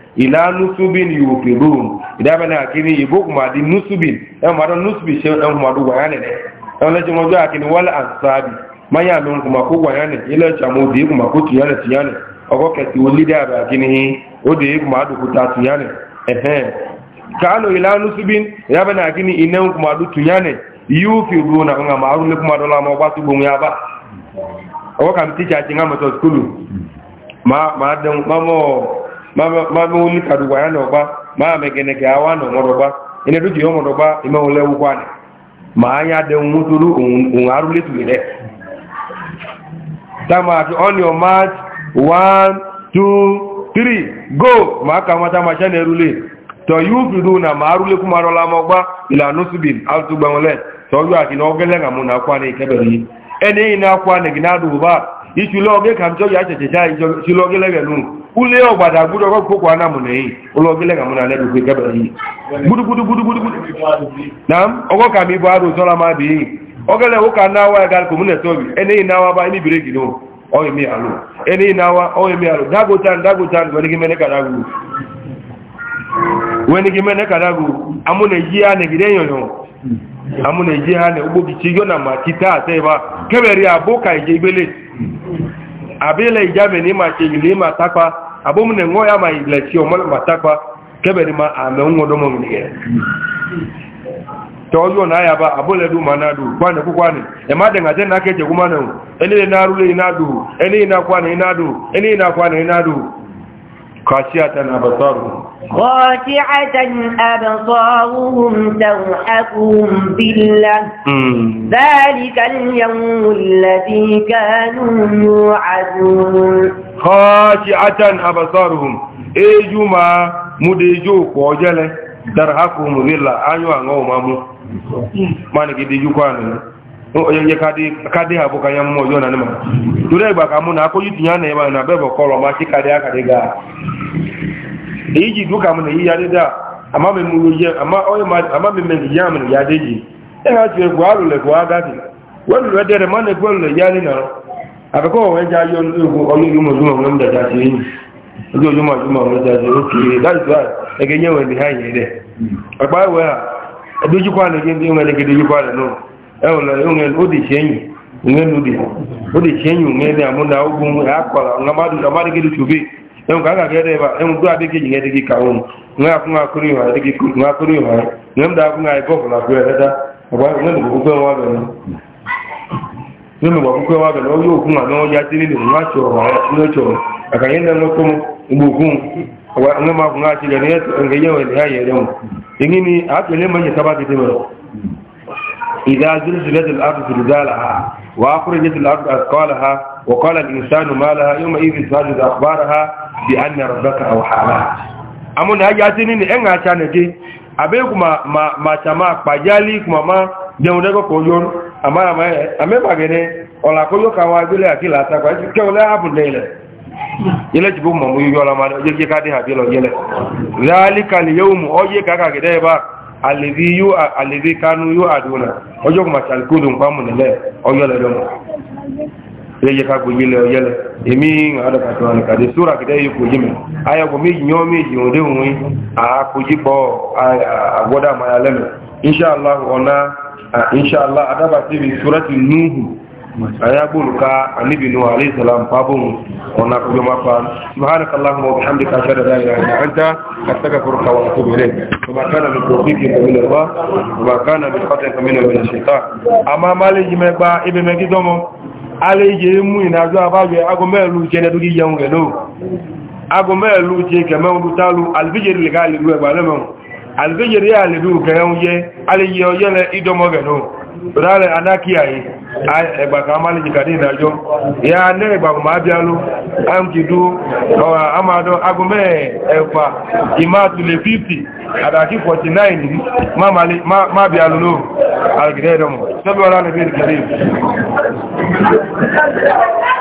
ila nusubin yuqidun ida bana kini ibo kuma di nusubin e ma e ma du ne e le je mo akini wal kuma ko ile di kuma ko tiyane tiyane ogo ke ti o de kuma du ko ta tiyane ehe kanu ila nusubin ida bana kini inen kuma du tiyane yuqiduna nga ma ru kuma do la mo ba tu ya ba ogo kam mame wuli kaduwa ya n'ọgba ma megenege awa na ọmọdọgba enedu ji ọmọdọgba imewole wukwa ni ma anya de nwuturu ohun tu rẹ tama àti onion march 1 2 3 go ma ka wọn tama ṣẹ́ na erule to yóò fi na ma arúlékú ma rọlá ma ọgbá ìlànà subin alùtùgbẹ̀wọlẹ̀ tọ́jú àti na na akwa ní ìkẹbẹ̀rẹ̀ yìí ẹni na akwa nìgínà dùbà ìṣúlọ́gẹ́ kàmíṣọ́ yà ule ọgbada gbudu ọgọ kpokwu ana mụ na eyi ụlọ ogele ka mụ na anaghị ekwe kebe eyi gbudugbudugbudugbudu na ọgọ ka m ibu arụ zọla ma dị eyi ogele ụka na awa ya gara ka mụ na etobi eneghị na awa ba ndị biri gị n'ụwa ọyị mi alụ eneghị na awa ọyị mi alụ dagotan dagotan wee gị mene kada gụ wee gị mene kada gụ amụ na eji ya na egide nyonyo amụ na eji ha na ugbo gị chi yọ na ma kita ata ebe a kebere ya abụ ka ije igbele abele ijame ni ma chegile ma takwa abomu ne ngoya ma ile ti o ma takwa kebe ni ma ame ungo domo mnige tojo na ya ba abole du manadu kwane ku kwane e ma denga tena keje kumane eni na rule inadu eni na kwane inadu eni na kwane inadu خاشعة أبصارهم خاشعة أبصارهم تضحكهم ذلة ذلك اليوم الذي كانوا يوعدون خاشعة أبصارهم إيجما مديجو كوجل ترهقهم ذلة أيوة غومامو ما نكديجو كانوا onye kadị ha bụ ka anya mmụọ ọjọọ na tụrụ egbe ka mụ na akụ ji na a na ebe na bebụ kọrọ ma chi karịa akarị gaa iji duka m na iyi ya a ya mere ya dị ji ịha e ji egwu alụle gụọ agadi welụre dere ma na egwelụle ya dị na abịakọ onwe ji ayọ egwu ọlụ ụmụ ojuma onwe m dajazi enyi ndị ojuma ojuma onwe a ege nye nwere ha nyere ha na gị ndị nwere gị na ẹwọ̀lọ̀ yóò dì ṣẹ́yìn ìrìnlódì ó dì ṣẹ́yìn ọ àmúdà ogun àkọlà ọmọdégédé ṣògbé ẹwọ̀n kàkà gẹ́rẹ́ ẹ̀bà ẹwọ̀n tó àdékejì ẹ̀dẹ́gẹ́ kàwọn ní àkún akúrò ìwà ní ẹ̀mdà akún àìbọ̀fù làkúrẹ̀ ẹ̀dá ọ̀pọ̀ ẹ̀wọ̀n ní gbogbo ẹ̀wọ̀n abẹ̀rẹ̀ nínú gbogbo ẹ̀wọ̀n abẹ̀rẹ̀ ó yóò kún àná ọjà nwoke ni إذا زلزلت الأرض زلزالها وأخرجت الأرض أثقالها وقال الإنسان ما لها يومئذ تجد أخبارها بأن ربك أوحى لها أمون هجاتني إن أتانك أبيك ما ما ما تما بجالي كما ما جونك كوجون أما أما أما بعدين ولا كوجو كواجبله أكيد لا تقول كولا أبو نيله yẹlẹ ti bó mọ̀mú yíyọ́ ọlọ́mọdé ọjọ́ kí ká dé àbí lọ yẹlẹ ráálíkà lè yóò mú ọyẹ́ kàkàkì dẹ́ bá alevi yu alevi kanu yu aduna ojo kuma salkudu npa munile oyole domo leje ka gbe le oyele emi ka sura yu aya ko meji nyo meji a ko bo inshallah ona inshallah adaba surati nuhu ayagbolu ka anibi nu alayhi salam babun ona kuyo mafa subhanaka allahumma wa bihamdika ashhadu an la ilaha illa anta astaghfiruka wa atubu ilayk wa kana min tawfiqika min allah wa kana min qadrika min min shaitan ama male yime gba ibe me gidomo ale ye mu ina zo abaje ago melu je ne dugi yeun ge ago melu je ke me un talu albijir legal lu e gba le mo albijir ya le du ke yeun ale ye o idomo ge do rárẹ̀ anákíyàí ẹgbàkà amálẹ́jìkàdé ìdájọ́ ya ní ẹgbàkùn máa bí aló amkìdú ọwà amádọ́ agúnmẹ́ ẹ̀fà ìmáàtùlẹ̀ 50 àdàkí 49 máa bí aló lóò alìgìdẹ́ ìdọ́mọ̀ sẹ́bí ọlá